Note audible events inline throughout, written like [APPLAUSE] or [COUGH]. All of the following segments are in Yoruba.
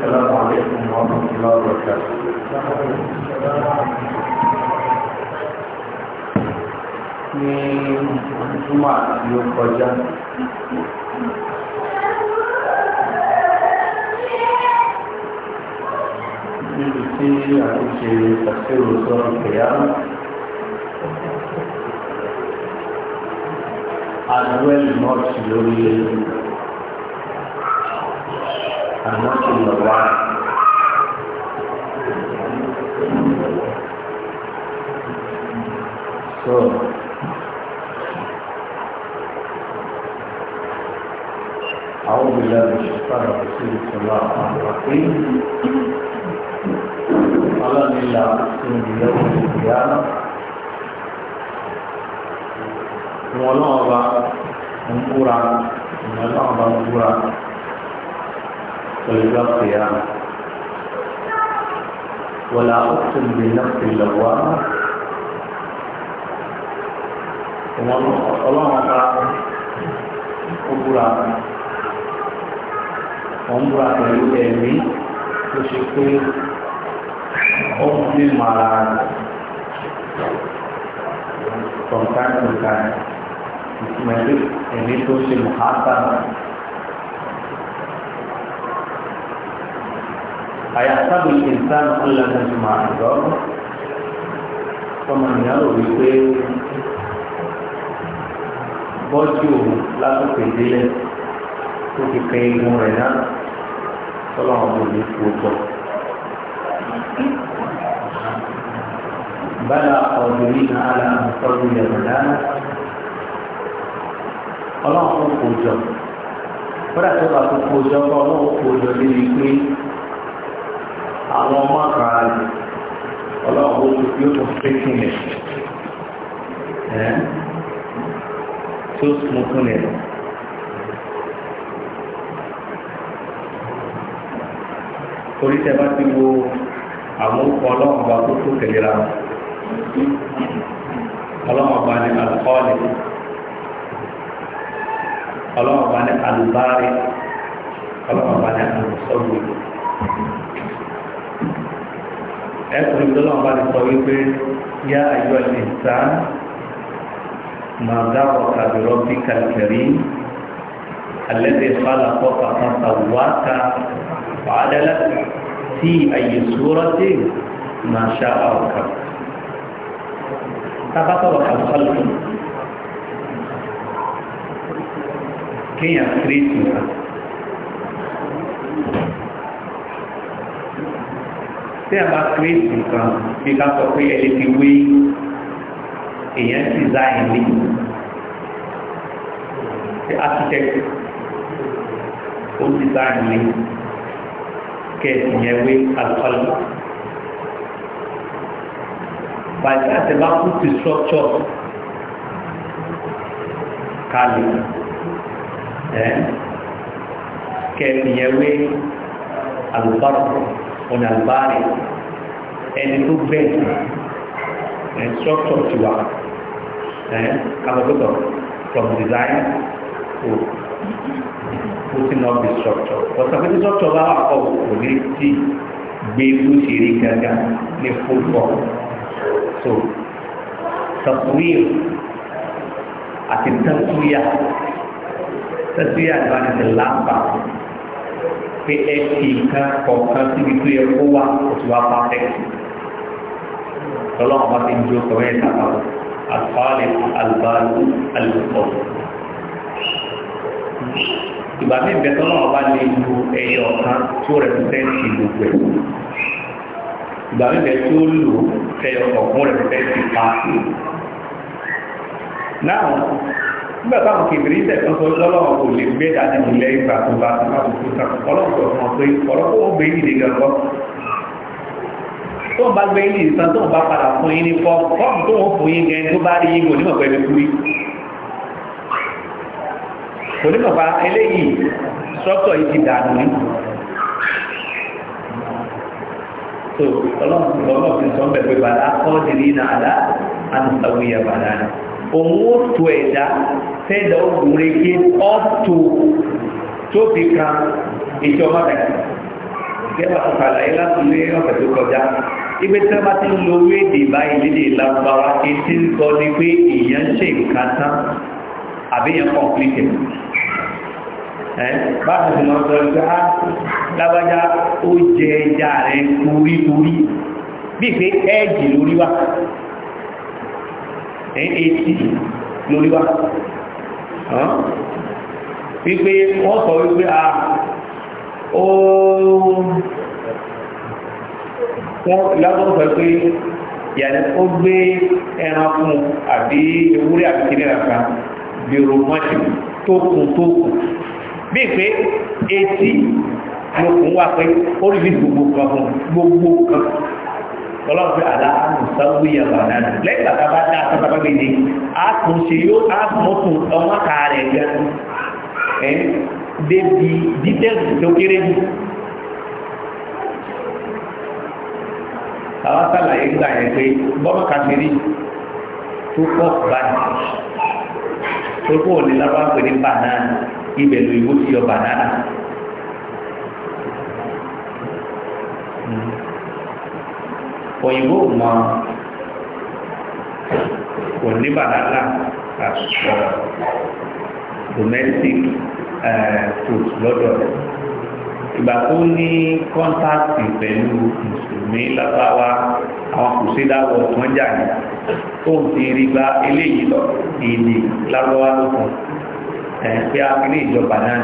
السلام عليكم ورحمة الله وبركاته ní ọdúnmà tí ó kọjá níbi tí a ti ṣe ìtàṣẹ́rò sọ́rọ̀ kẹ̀yà àdúrẹ́lì náà ti lórí ẹgbẹ̀rẹ̀ and watching your wife. So, أعوذ بالله من الشيطان الرجيم بسم الله الرحمن الرحيم قال لله أقسم بيوم القيامة ولو أبا أنقرا ولو أبا أنقرا ولله القيامة ولا أقسم بالنفس اللوامة ọlọ́run ọba ó búra wọ́n búra pẹ̀lú ẹ̀mí tó ṣe pé ó ń bí màrà from time to time ìtumọ̀ ẹ̀mí tó ṣe mọ̀hátà náà. àyàtàbí ìsán ọlọ́dún máa dọ́ ọmọ ìyá rò wípé bọ́jú lalu lásìkò ìdílé tó fi pé igun rẹ̀ náà tọ́lọ́wọ́n kò ní kú bọ̀. bala ọ̀dùnrin ala àmọ́tọ́jú yẹ̀mọ̀dáná ọlọ́run kò kó jọ kódà tó bá kó kó jọ kọ́ àwọn ọmọ kan rẹ̀ ọlọ́wọ́ yóò tó fẹ́kì nẹ̀ tí ó mú fún nẹ̀ torí tẹ bá ti wo àwọn orúkọ ọlọ́wọ́ bá tó tó tẹ̀lé ọlọ́wọ́ bá ní alùpọ́ọ̀lì ọlọ́wọ́ bá ní alùbárì ọlọ́wọ́ bá ní alùsọ́gbìn. ẹkùn ìdọ́lọ́ bá ti sọ wípé yá ayọ́ lè sá máa dá ọ̀kà bìrọ̀ bí kàlùkẹ̀rí alẹ́dẹ̀ fàlàkọ́ kàkan sàwákà fàádẹ́lẹ́ sí àyè sùúrọ́ sí máa ṣá ọ̀kà. tábàtọ̀rọ̀ kàlùkẹ̀rí kéèyàn kírètì náà. tí a bá kírèsì nǹkan bí ká sọ pé ẹni ti wé èèyàn ti zá ilé tí architect ó ti zá ilé kẹ́ẹ̀sì yẹn wé alukọ́lù bàtà àti bá kú ti structure kalẹ̀ ẹ̀ kẹ́ẹ̀sì yẹn wé alukọ́lù ọ̀nà àlùbáàrì ẹni tó bẹ́ẹ̀ ẹ̀ structure ti wà ẹ̀ kábọ̀tọ̀ from design to putting up the structure ọ̀sán pé structure bá wà kọ́ kò ní tí gbé tó ṣe rí gángan ní football so tọ̀kùwìl àti tẹ̀síyà tẹ̀síyà ìbánisẹ̀ lápá pé ẹ fi nǹkan kọ̀ọ̀kan síbi tó yẹ kó wà oṣù wa pàtẹ́kì ọlọ́run bá ti ń jó kọ̀wé ẹ̀ta pàtó àfáàlẹ̀ àlùbáàlù àlùkọ̀ ìgbà mí bẹ tọ́lọ́run bá lè lu ẹyọ kan tó rẹ̀ pẹ́ẹ́tì gbogbo ẹ̀ ìgbà mí bẹ tó lò ẹyọ kọ̀ọ̀kan rẹ̀ pẹ́ẹ́tì pàtó náà nígbà táwọn kèbèrè ìtẹ̀ kan sọ lọ́lọ́wọ́ kò lè gbé dání ilẹ̀ ìgbà tó bá tó bá tó tó ọlọ́pọ̀ ọmọ pé ọ̀rọ̀pọ̀ ó gbé yìí nìkan kọ́ tó ń bá gbé yìí nìkan tó ń bá padà fún yín ní fọ́ fọ́ọ̀mù tó ń fún yín gan tó bá rí yín kò nímọ̀ pẹ̀lú kúrí kò nímọ̀ pa eléyìí sọ́tọ̀ yìí ti dànù ní so ọlọ́pọ̀ ọlọ́pọ̀ sọ́ńbẹ̀ pé bàdá kọ́ òun ó tó ẹ̀dá fẹ́ẹ̀dá ogun rege ọ́tò tó fi kan ètò ọmọ rẹ̀ gẹ́gbà tó kàlàyé láti lé ọ̀fẹ́ tó kọjá ibi tí wọ́n bá ti ń lo owó èdè báyìí lédè lágbára etí ń sọ ni pé èèyàn ṣe nǹkan tán àbí èèyàn kọ̀ǹpìlìtì báwo ni wọ́n sọ pé á ah, lágbájá ó jẹ ẹja rẹ̀ kúríkúrí bí pé ẹ́ẹ̀jì lórí wa ní eighty lórí wa wípé wọ́n sọ wípé a ó wọ́n lágbọ́n sọ pé yàrá ó gbé ẹran fún àbí ewúrẹ́ àti kìnìún àgbà bèrò mọ́tì tó kù tó kù bí pé etí ló kún pé ó rí bí gbogbo kan fún gbogbo kan ọlọ́run fi àlá àmùsáwí àbàdà lẹ́yìn bàtà bá dá àtàtàbà gbèdé àtúnṣe yóò àmọ́tún ọmọ kààrẹ̀ gan ẹ́ débi dítẹ́sì tó kéré jù àwọn sàlàyé gbà yẹn pé bọ́mọ̀ kàṣírí tó pọ̀ báyìí tó pọ̀ ní lábàá pè ní bànánà ibẹ̀ lóyún ti yọ bànánà. òyìnbó mọ kò ní bàdàlà àṣọ domestic food lọ́dọ̀ rẹ̀ ìgbà tó ní kọ́ńtàkì pẹ̀lú mùsùlùmí lábáwá àwọn kùsídà wọ̀ tán jà ní ó ti rí gba eléyìí lọ ìdí lábáwá lókun ẹ̀ pé a fi ìjọba náà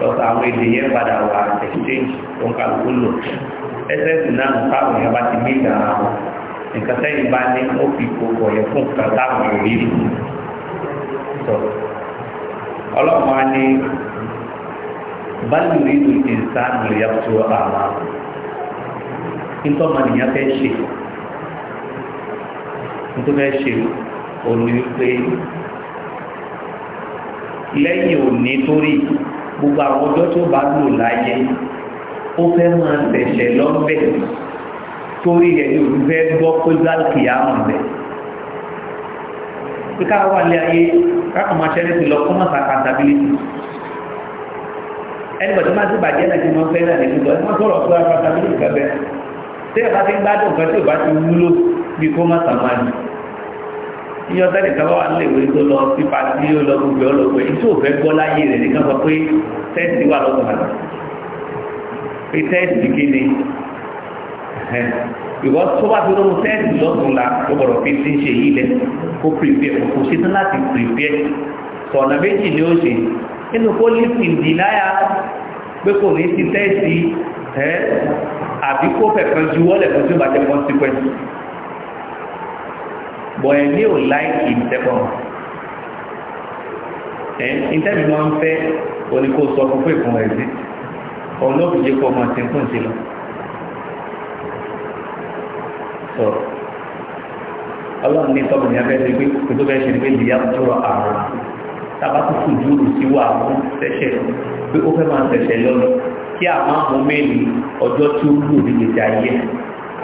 lọ́sọ̀ àwọn èdè yẹn padà wà exchange tó ń kálukú lò ẹsẹ̀sì náà táwọn èèyàn bá ti gbé ìdára wọn nǹkan sẹ́yìn bá ní ó fi gbogbo ọ̀yẹ́ fún nǹkan táwọn èèyàn rí rí á ní báyìí nínú àmà nítorí fẹ́ ṣe nítorí ṣe òní lẹ́yìn òní torí gbogbo àwọn ọjọ́ tó bá lò láyé ó fẹ́ máa tẹ̀sẹ̀ lọ́bẹ̀ torí ẹ̀ yóò fẹ́ gbọ́ pé báàkì àwọn rẹ̀ pé káà wà lé ayé káàkùn máa ṣẹlẹ̀ sí lọ kọ́mọ̀ sàkàntàbílítì ẹni bọ̀dé máa ti bàjẹ́ náà ti mọ́ fẹ́ náà nìkan lọ́wọ́ sọ̀rọ̀ pé sàkàntàbílítì kẹfẹ́ tí ẹ bá ti ń gbádùn kan tí ò bá ti wúlò bí kó má sàmánì yíyọ sẹ́ni kan wà nílé ìwé tó lọ sí pàtí ó lọ gbogbo ọlọ́gbẹ́ ìṣòfẹ́ gbọ́ láyé rẹ̀ nìkan sọ pé sẹ́ǹsì wà lọ́gbọ̀n tẹ́ẹ̀sì kí ni ìwọ tó bá fi lóhun tẹ́ẹ̀sì lọ́tún la ó gbọ́dọ̀ fi ti ń ṣe yìí lẹ kó pèpè kò sí tán láti pèpè sọ̀nà méjì ni ó ṣe nínú kó lífin dì láyà pé kò ní ti tẹ́ẹ̀sì ẹ́ àbí kó fẹ̀fẹ́ ju wọ́lẹ̀ fún tí ó bá jẹ́ consequence bọ̀ ẹ̀ ní ò láìkì ìtẹ́kọ̀ọ́ ẹ̀ ìtẹ́bí máa ń fẹ́ oníkó sọ fún pé fún ẹ̀ olóògbé kọ́ ọmọ tí ń kún sí lọ. sọ ọlọ́run ní tọ́mù ní abẹ́rẹ́ pé kò tó bẹ́ẹ̀ ṣe ni pé ìyá tó rọ àrùn tábà tó kù dúró sí wà fún ṣẹ̀ṣẹ̀ pé ó fẹ́ máa ṣẹ̀ṣẹ̀ lọ́nà kí àmọ́ àwọn mẹ́rin ọjọ́ tó lò ní gbèsè ayé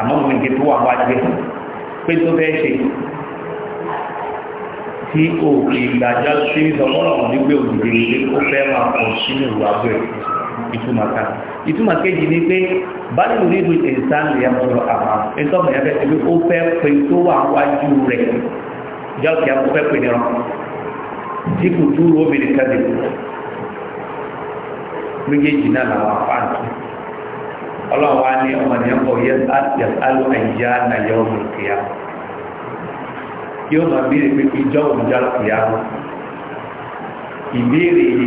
àmọ́ àwọn ìgbé tó wà wájú pé tó fẹ́ ṣe tí òkè ìgbàjá sí ìsọmọ́nà nígbè òdìdí ó fẹ́ máa pọ̀ sínú ìwà bẹ́ẹ̀ ìtumọ̀ kan ìtumọ̀ kejì ni pé báyìí lórí ìlú ìsán lè sọ̀rọ̀ àmà ẹ̀tọ́ mọ̀ ẹ̀fẹ́ ẹ̀fẹ́ ó fẹ́ pé tó wà wájú rẹ̀ jọ́ọ̀kì ó fẹ́ pé nìran tí kò dúró obìnrin kan lè méjèèjì náà làwọn afáàtì ọlọ́wọ́ á ní ọmọ ní ọkọ̀ yẹ alọ́ ẹ̀yà ìbéèrè ti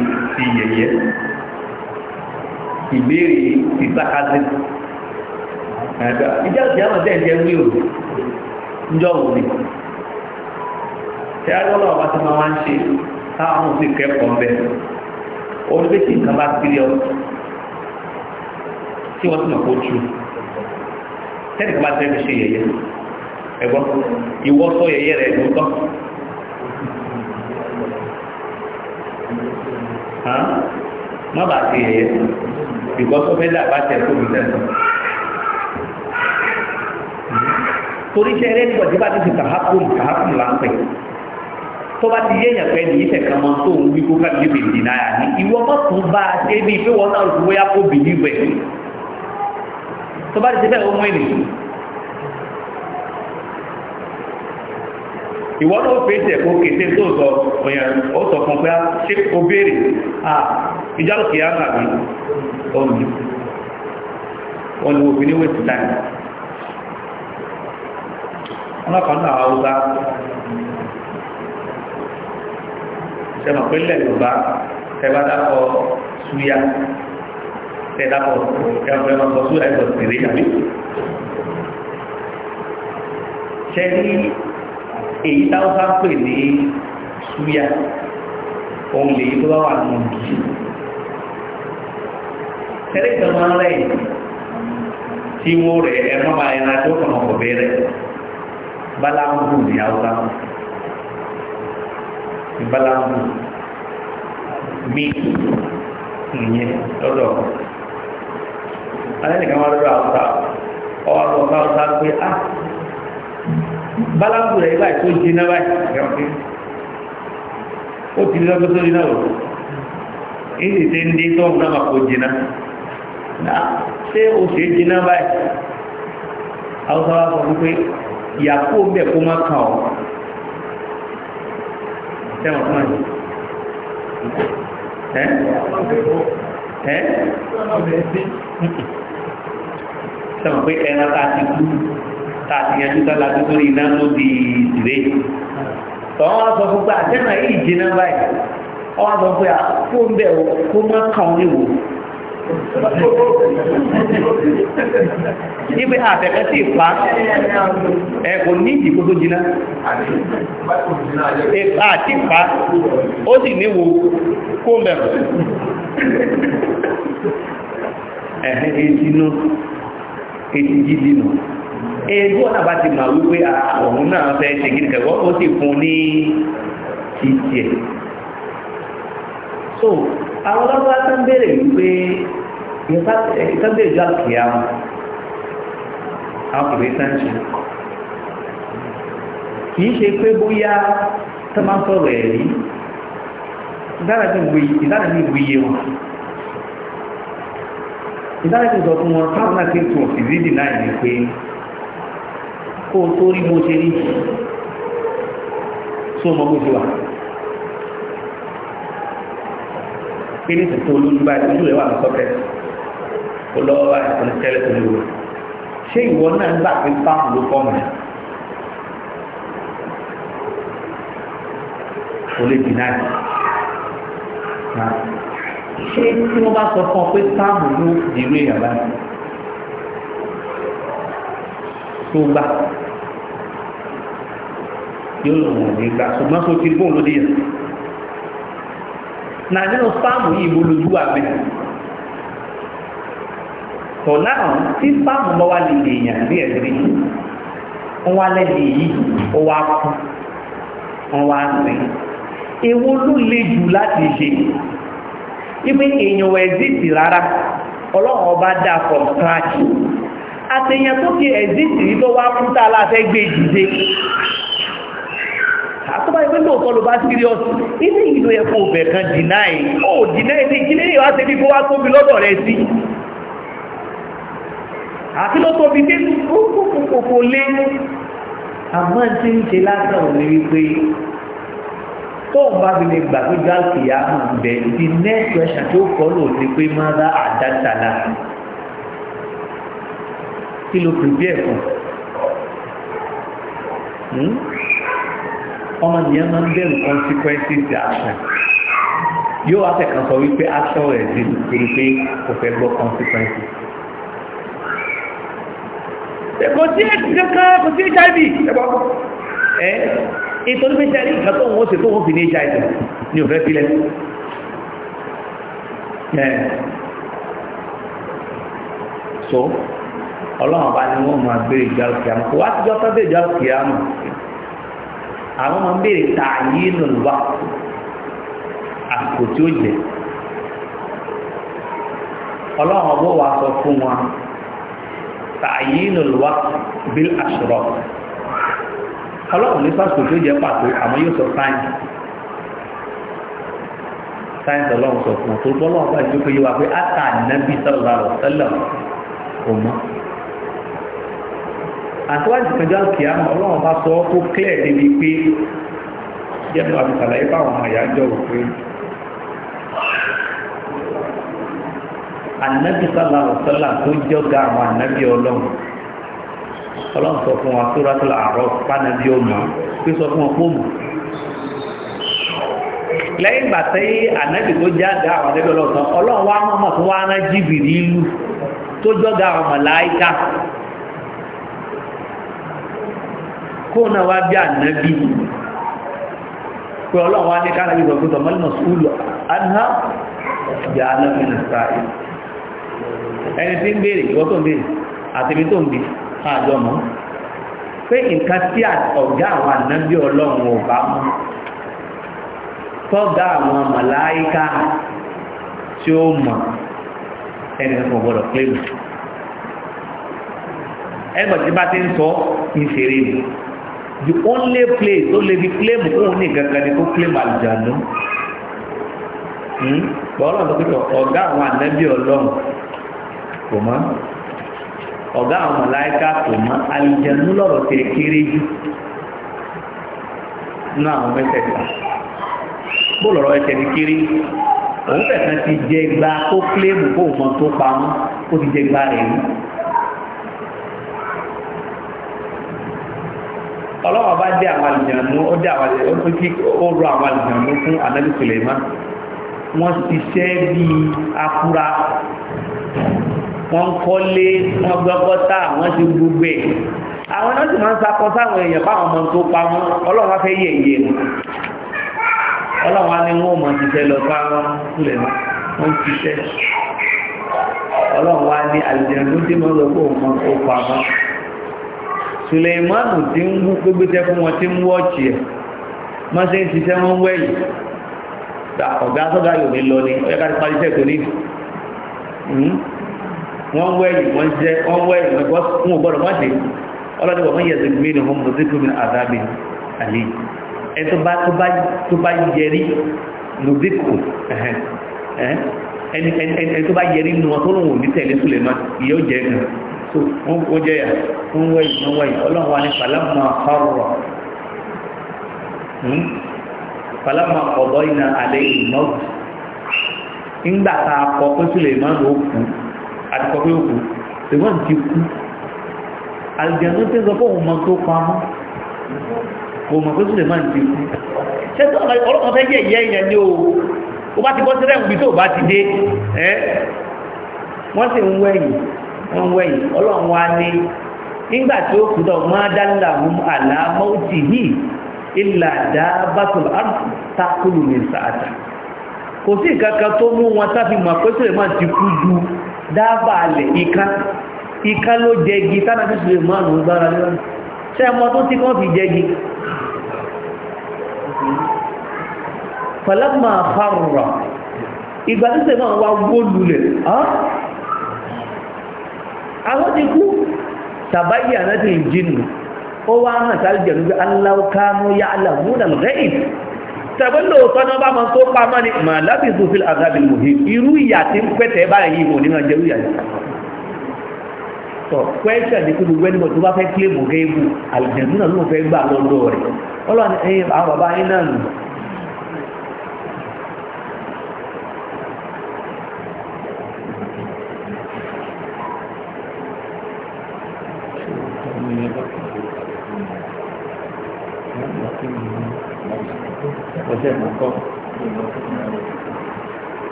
ìbéèrè ìsákásí ẹ̀gbà ìjá òsì àmà tẹ́ ẹ̀jẹ̀ wí òní ńjọ́ òní tí a yọ́ lọ́wọ́ bá ti máa wá ń ṣe táwọn sì kẹ́kọ̀ọ́ ń bẹ̀ orí pé kí nǹkan bá sílẹ̀ ọ tí wọ́n sì mọ̀ kó tu tẹ́lẹ̀ kí wọ́n bá tẹ́ ṣe yẹ̀yẹ́ ẹ̀gbọ́n ìwọ́ sọ yẹ̀yẹ́ rẹ̀ ló má bàa ṣe yẹ̀yẹ́ bìkọ́sọ́ fẹ́ dàgbà tẹ̀ tó mi tẹ̀sán. torí iṣẹ́ eré nígbà tí bá ti fi kàhákùn kàhákùn là ń pè tó bá ti yéèyàn pé ní ìṣẹ̀ kan máa ń tó òun wí kó ká lè bèèrè náírà ní ìwọ má tún bá a ṣe bí pé wọn náà lówó yá kó bèèrè rẹ̀ tó bá ti ṣe bẹ́ẹ̀ ó mú ènìyàn ìwọ́n náà fèsì ẹ̀kọ́ kété tó sọ òyìn ó sọ fún pé ah, ṣé o béèrè ah, ìjálùkì yá nàbí ọmọ ọlọ́wọ́ obìnrin wẹ̀ sí láì ọlọ́pàá náà haúsá sẹ́mọ̀ pé lẹ́yìn ọba tẹ́bá dákọ̀ súyà tẹ́dákọ̀ ẹ̀mọ̀ sọ́súrà ẹ̀sọ̀ đi suy èyí táwọn bá pè ní súyà òun lè tó bá wà nù yìí tẹ́lẹ̀ ìjọba rẹ̀ tí wọ́n rẹ̀ ẹ̀rọ bá ẹ̀rọ tó kàn ọ̀pọ̀ bẹ̀rẹ̀ bálámù ní haúsá bálámù míì ìyẹn lọ́dọ̀ alẹ́ nìkan wá lọ́dọ̀ haúsá ọwọ́ àwọn haúsá pé ah bálábù rẹ̀ báyìí tó jiná báyìí ó ti rí lọ́gbọ́sọ́ jiná o èyí tí ń dé tọ́wọ́n náà kò jiná ṣé o ṣe jiná báyìí àwọn sábà sọ wípé ìyàpò bẹ̀ kó má kàn ọ́ sẹ́wọ̀n fún àyè ẹ́ ẹ́ sẹ́wọ̀n pé ẹran tá a ti kú tá a ti yanjú sálà tó lórí iná tó di ìwé tọ́wọ́n sọ fún pé àtẹ́nà yìí jiná báyìí wọ́n sọ pé kó ń bẹ̀ kó má kàn ní wò ibi àtẹ̀kẹ́ sí ìfà ẹ̀kọ́ ní ìdìkó tó jiná ìfà àti ìfà ó sì níwò kó mẹ́rọ ẹ̀hẹ́ ètì náà ẹgbẹ́ eh, ọ̀nà bá ti máa wípé ọ̀hún náà fẹ́ ṣe gírí kẹ̀kọ́ ó sì fún ní títí ẹ̀ so àwọn ọlọ́pàá tán bèèrè wípé ìtàn bèèrè jọ àkìyà àwọn kìí tán ṣe kìí ṣe pé bóyá tó máa ń sọ̀rọ̀ ẹ̀rí ìdánilẹ́gbẹ̀ẹ́ na wọn ìdánilẹ́gbẹ̀ẹ́ sọ fún wọn táwọn náà ti tún kó o tó rí mo ṣe rí tó mọ bó ṣe wà pé ní ìsìnkú olóyún báyìí ojú rẹ̀ wà ní sọ́kẹ́ olówó àìsàn tẹ́lẹ̀ tó lò ṣé ìwọ náà ń gbà pé fáwọn ló fọ́ mi kò lè dì náà ṣé tí wọ́n bá sọ fún ọ pé fáwọn ló dìrú èèyàn báyìí tó gbà yóò lò wọ́n ní gbà ṣùgbọ́n tó ti bóun lóde yẹn na nínú fáàmù yìí mo lójú wà bẹ́ẹ̀ tọ̀ náà tí fáàmù bá wà lè lèèyàn bí ẹ̀rí wọ́n wá lẹ́yìn yìí ó wá kú wọ́n wá rìn èwo ló le jù láti ṣe ibi èèyàn ẹ̀zìtì rárá ọlọ́run ọba dà scratch àtẹ̀yàn tó ti ẹ̀zìtì rí tó wá fún tàà láti gbé ìdíje àtọ́bá ìwé lóòtọ́ ló bá sírí ọ̀sí ilé ìlú ẹ̀kọ́ òbẹ̀ kan dìnáì ó dìnáì ní kí lè wá tẹ́bí kó wá tóbi lọ́dọ̀ rẹ̀ sí àti ló tóbi dé kókòkòkò lé àmọ́ tí ń ṣe lásán ò ní wípé tóun bá fi lè gbà pé gbáàkì yá mọ̀ bẹ̀ the next question tó kọ́ lò ní pé mother adátàlá kí ló pèbí ẹ̀kùn hmm? ọmọ nìyẹn máa ń bẹ̀rù consequences action yóò wá fẹ̀kan sọ wípé action rẹ̀ dì nítorí pé kò fẹ́ gbọ́ consequences kò sí ẹ̀kọ́ kò sí hiv ẹ̀kọ́ ẹ̀ ìtọ́jú pé sẹ́rí ìgbà tó wọ́n ṣe tó wọ́n fi ní hiv ní òfẹ́ sílẹ̀ ẹ̀ so ọlọ́run bá ní wọ́n máa béèrè ìjà òkè àmọ́ kò wá sí jọ́tọ́ béèrè ìjà òkè àmọ́ àwọn máa béèrè tààyè lòlùwà àsìkò tí ó jẹ ọlọ́run ọgbọ́ wa sọ fún wa tààyè lòlùwà bíl àṣùrọ̀ ọlọ́run ní sásìkò tí ó jẹ pàtó àmọ́ yóò sọ sáyẹn sáyẹn ọlọ́run sọ fún wa tó gbọ́ ọlọ́run bá ìjókòó yìí wá pé àtà nàbì sọ̀rọ̀ sẹ́lẹ̀ ọmọ àtiwájú kanjá kìá mọ̀ ọlọ́run bá sọ tó clear débi pé jẹ́nu àbíkàlà ipá àwọn àyájọ́ òfin ànábì sálà ọ̀sọ́là tó jọ́gà àwọn ànábì ọlọ́run ọlọ́run sọ fún wa suratul A'raf pánàbí ọmọ pé sọ fún ọpọ́ mọ̀ lẹ́yìn ìgbà tẹ́yí ànábì tó jáde àwọn ànábì ọlọ́run ọlọ́run wá mọ̀ fún wa ná Jibrilu tó jọ́gà àwọn màláíkà kó náà wá bí ànábì pé ọlọ́run wá ní kára bí sọ pẹ́tọ̀ mọ́lùmọ̀ anha bí ànábì nà sáà ẹni tí ń béèrè ìwọ tó ń béèrè àti ibi tó ń bi àjọ mọ́ pé nǹkan tí ọ̀gá àwọn ànábì ọlọ́run ò mú tọ́gá àwọn màláíkà tí ó mọ̀ ẹni tó gbọ́dọ̀ pé ẹgbẹ̀tí bá ti ń sọ ìṣeré nìyí the only place tó lè fi claim fún òun ní gangan ni kó claim àlùjáde hmm? bọ́ọ̀lù ọ̀dọ́kítọ̀ ọ̀gá àwọn ànábì ọlọ́run kò mọ́ ọ̀gá àwọn mọ̀láíkà kò mọ́ àlùjáde lọ́rọ̀ tẹ̀ kéré jù nínú àwọn mẹ́tẹ̀ẹ̀ta bóòlù ọ̀rọ̀ ẹ̀tẹ̀ ní kéré òun fẹ̀sán ti jẹ gba kó claim kó mọ tó pamọ́ ó ti jẹ gba rẹ̀ yìí. ọlọ́wọ́ bá dé àwọn àlùjànnú ó dé àwọn àlùjànnú ó fi ó rọ àwọn àlùjànnú fún Ànábì Suleiman wọ́n ṣiṣẹ́ bíi afura wọ́n kọ́lé wọ́n gbọ́kọ́tà wọ́n ti gbogbo ẹ̀ àwọn náà sì máa ń sakọ sáwọn èèyàn báwọn ọmọ tó pa wọn ọlọ́wọ́ fẹ́ yẹ̀ yẹ̀ ọlọ́wọ́ ni wọ́n mọ̀ ṣiṣẹ́ lọ sáwọn Suleiman wọ́n ṣiṣẹ́ ọlọ́wọ́ ni àlùjànnú tí wọ́n lọ kó wọn kó pa wọn. Suleimanu ti ń wú pégbétẹ́ fún wọn tí ń wọ́ọ̀chì ẹ̀ wọ́n ṣe ń ṣiṣẹ́ wọn wẹ̀yìn ọ̀gá sọ́gá yóò ní lọ ní ọ̀yá ká ti parí iṣẹ́ tòní hmm? wọ́n wẹ̀yìn wọ́n jẹ́ wọ́n wẹ̀yìn wọ́n gbọ́ fún ògbọ́dọ̀ wọ́n dé ọlọ́dẹ wọ́n yẹ ẹ̀sìn gbé ní ọmọ mọ̀ sí kúrò àdábì àlè ẹ tó bá tó bá lùdíkù ẹni tó bá yẹrí nù wọn tó lòun ò ní tẹ̀lé Suleiman ìyẹ́ ò jẹ́ gan tó wọ́n jẹ́ yà wọ́n wẹ̀ yìí wọ́n wẹ̀ yìí ọlọ́run wa ní pàlámà ọ̀rọ̀ pàlámà ọ̀bọ iná alẹ́ ìmọ̀gù ńgbà tá a kọ pé sílẹ̀ ìmọ̀gù ó kú àti kọ pé ó kú ṣùgbọ́n ti kú àlùjẹ̀mú tí ń sọ fún òun mọ tó pamọ́ kò mọ̀ pé sílẹ̀ máa ń ti kú ṣẹ́tọ́ ọlọ́kan fẹ́ jẹ́ ìyẹ́ ìyẹn ní o ó bá ti bọ́ sí rẹ̀ ń bí bá ti dé ẹ́ wọ́n sì ń wẹ̀yìn ń wẹ̀yìn ọlọ́run wá ní nígbà tí ó kùdọ̀ máa dálà wọn àlá mọ́tì yìí ìlà dá bàtùl àrùn tákùlù ní sàájà kò sí ìkankan tó mú wọn sáfi mọ̀ pé Suleiman ti kú ju dábàálẹ̀ ìka ìka ló jẹgi tánàbí Suleiman ló gbára lọ́wọ́ ṣé ọmọ tó ti kọ́ fi jẹgi pẹ̀lẹ́pọ̀ ìgbà tí Suleiman wá wó àwọn ti kú tàbáyà náà ti jìnnù ó wá hàn sáré jẹ̀lú pé aláwọ̀ká mú yá aláwọ̀nà rẹ̀yìn tẹ̀gbẹ́ lóòótọ́ náà bá máa tó pamọ́ ni mà lábì tó fi àgbàbì lòhì irú ìyà tí ń pẹ́tẹ̀ báyìí ìwọ̀n nínú ọjọ́ ìyà yìí sọ kwẹ́sà ní kúrò wẹ́n mọ̀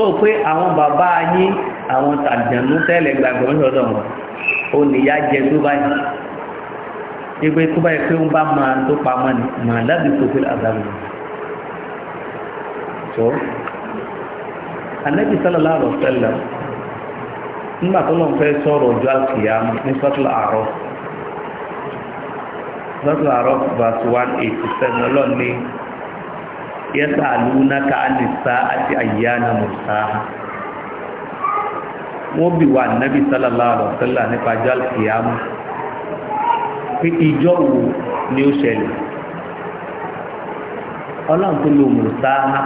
tó pé àwọn bàbá yín àwọn àjànú tẹ́lẹ̀ gbàgbọ́ lọ́dọ̀ wọn ó nìyá jẹ tó báyìí ìgbé tó báyìí pé ń bá máa tó pamọ́ ni màá lábì tó fi àdàlù tó anabi sallallahu alaihi wasallam nígbà tó lọ́n fẹ́ sọ̀rọ̀ ọjọ́ àkìyàmù ní sọ́tù àárọ̀ sọ́tù àárọ̀ verse one eighty seven ọlọ́run yasalunaka anisa'ati ayyana mursaha wọ́n bi wá nábì sallallahu alaihi wasallam nípa jal kiyama pé ìjọ wo ni ó ṣẹlẹ̀ ọlọ́run tó lo mursaha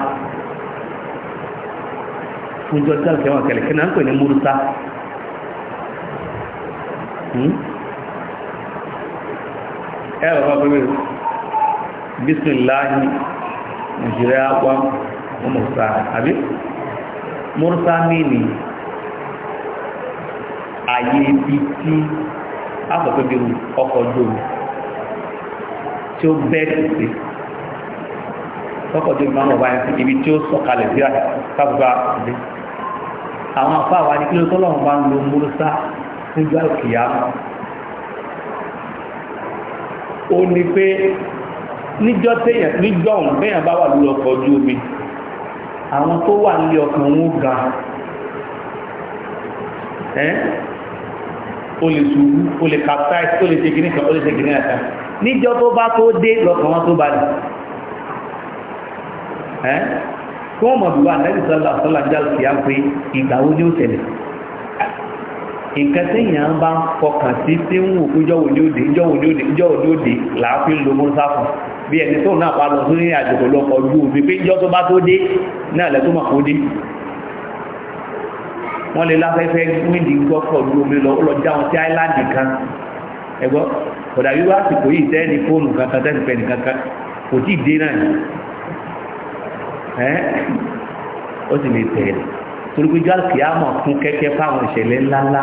fún jọ jal kiyama kẹlẹ̀ kí náà ń mursa ẹ̀rọ bá bẹ́ẹ̀ bismillahi nìjíríà akwa mùsà àbí mùsà mìíní àyè ibi tí afọ̀pẹ́bí ọkọ̀ dùn tí ó bẹ́ẹ̀ tètè tọkọtò ìmọ̀ ọ̀bá yẹn ibi tí ó sọ̀kalẹ̀ sí àtàkùnfà ìdí àwọn afá wa ní kí bá ń lo múrúsá níjọ́ àkìyà ó ní pé níjọ́ téèyàn níjọ́ òun béèyàn bá wà lórí ọkọ̀ ojú omi àwọn tó wà nílé ọkàn wọn ga o lè ṣubú o lè capsize o lè ṣe gíní kan o lè ṣe gíní àká níjọ́ tó bá tó dé lọ́kàn wọn tó balẹ̀ ẹ́ kí wọ́n mọ̀ bí wà nẹ́bí sọ́lá sọ́lá jálù kìí á pé ìgbà wo ni ó tẹ̀lẹ̀ nǹkan téèyàn bá fọkàn sí tí ń wò pé jọ́wọ́ ni ó dé jọ́wọ́ ni ó dé làá fi ń lo mọ́sáfún bí ẹni tó náà pa lọ sí ní àjòkò lọ́kọ̀ ojú omi pé ìjọ tó bá tó dé náà lẹ́ tó mà kó dé wọ́n lè láfẹ́fẹ́ wíńdì gbọ́kọ̀ ojú omi lọ ó lọ já sí áìláńdì kan ẹgbọ́ kódà wíwá àsìkò yìí tẹ́ẹ̀ni fóònù kankan tẹ́ẹ̀ni pẹ̀lú kankan kò tí ì dé náà ẹ́ ó sì lè tẹ̀lé torípéjọ́ àkìyàmọ̀ fún kẹ́kẹ́ fáwọn ìṣẹ̀lẹ̀ ńláńlá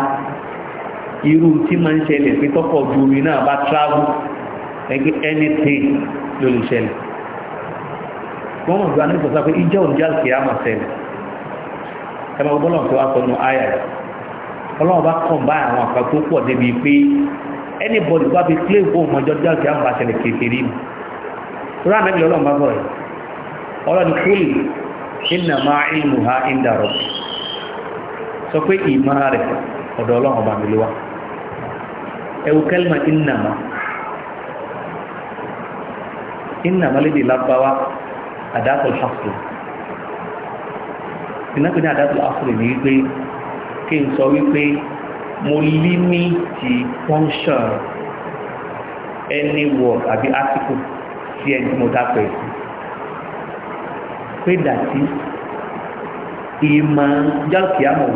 irú tí máa ń ṣẹlẹ̀ pé tọ́kọ̀ ojú omi náà bá travel ẹgbẹ́ anything ló lè ṣẹlẹ̀ wọ́n mọ̀ gba nípa sáfẹ́ ìjẹ́ òǹjà kì á mà ṣẹlẹ̀ ẹ máa gbọ́dọ̀ tó aṣọ nu àyà rẹ̀ ọlọ́run bá kàn bá àwọn àpá tó pọ̀ débi pé anybody bá fi claim fún ọmọ ọjọ́ jáde àwọn bá ṣẹlẹ̀ kékeré ni rárá mẹ́bí ọlọ́run bá sọ̀rọ̀ ọlọ́run kúlì iná máa ilmù ha ìdá rọ̀ sọ pé ìmọ̀ rẹ̀ ọ̀dọ̀ ọlọ́run bá mi lé wa ẹ̀wù kẹ́lìmọ̀ iná máa iná malédè lágbáwá àdáàtọ̀ hafro ìnáwó ní àdáàtọ̀ hafro ní wípé kí n sọ wípé mo límìtì function any work àbí article sí ẹni tí mo dápẹ̀ sí pé dàtí ìmọ̀ jálùkì àmọ̀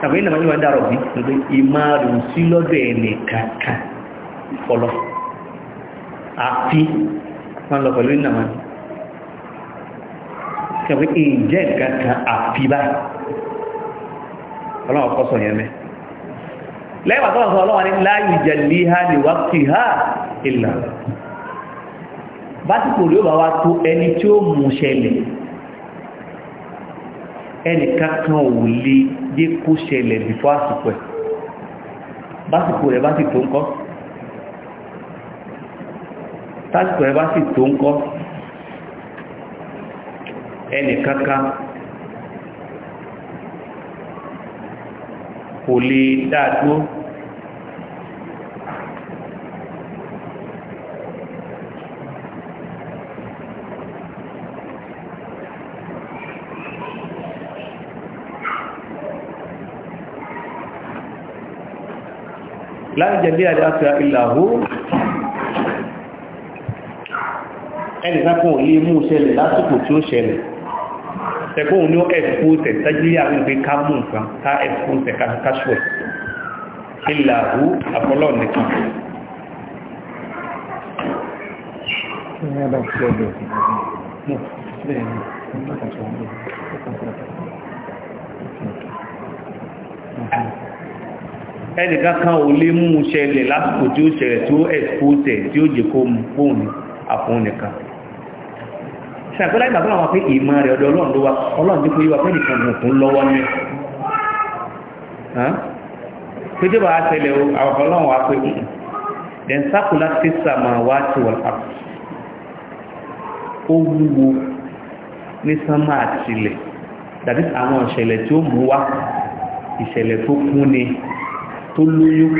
tàbí ìlànà ìwà dárọ̀ bí pé ìmọ̀ rùn sí lọ́dọ̀ ẹni kankan fọlọ́ àfi wọ́n lọ pẹ̀lú ìnàmọ́ kẹfẹ́ ìjẹ́ nǹkan kan àfibá ọlọ́wọ́ kọ́sọ̀ yẹn mẹ́ lẹ́yìn àtọ́wọ́ sọ ọlọ́wọ́ ní láàyè jẹ̀lì ha lè wá sí ha ìlà básìkò rí ó bá wá tó ẹni tí ó mú ṣẹlẹ̀ ẹni kankan ò lè dé kó ṣẹlẹ̀ bífọ́ àsìkò ẹ̀ básìkò rẹ̀ bá sì tó ń kọ́ tásìkò ẹ bá sì tó ń kọ́ ẹnì kankan kò lè dáadúró láti jẹ́ bí àdá àti ìlàhó ẹnìkankan ò lè mú ṣẹlẹ̀ lásìkò tí ó ṣẹlẹ̀ tẹ̀kọ́ ní ó ẹ̀fún tẹ̀ tẹ́jíríà wípé ká mú nǹkan ká ẹ̀fún tẹ̀ káṣùọ̀ ìlàrú àpọ́lọ̀ nìkan ẹnìkankan ò lè mú ṣẹlẹ̀ lásìkò tí ó ṣẹlẹ̀ tí ó ẹ̀fún tẹ̀ tí ó jẹ́ kó mú fóònù àfún nìkan ṣàpẹ́lá ìgbà fún àwọn pé ìmọ̀ rẹ̀ ọ̀dọ̀ ọlọ́run ló wa ọlọ́run tó kó yíwa fẹ́ nìkan mọ̀ fún lọ́wọ́ ní pété bá tẹ́lẹ̀ o àwọn ọlọ́run wa pé then sakula sisa ma wá ti wà á ó wúwo ní sánmà àtìlẹ̀ dàbí àwọn ìṣẹ̀lẹ̀ tí ó mú wá ìṣẹ̀lẹ̀ tó kún ni tó lóyún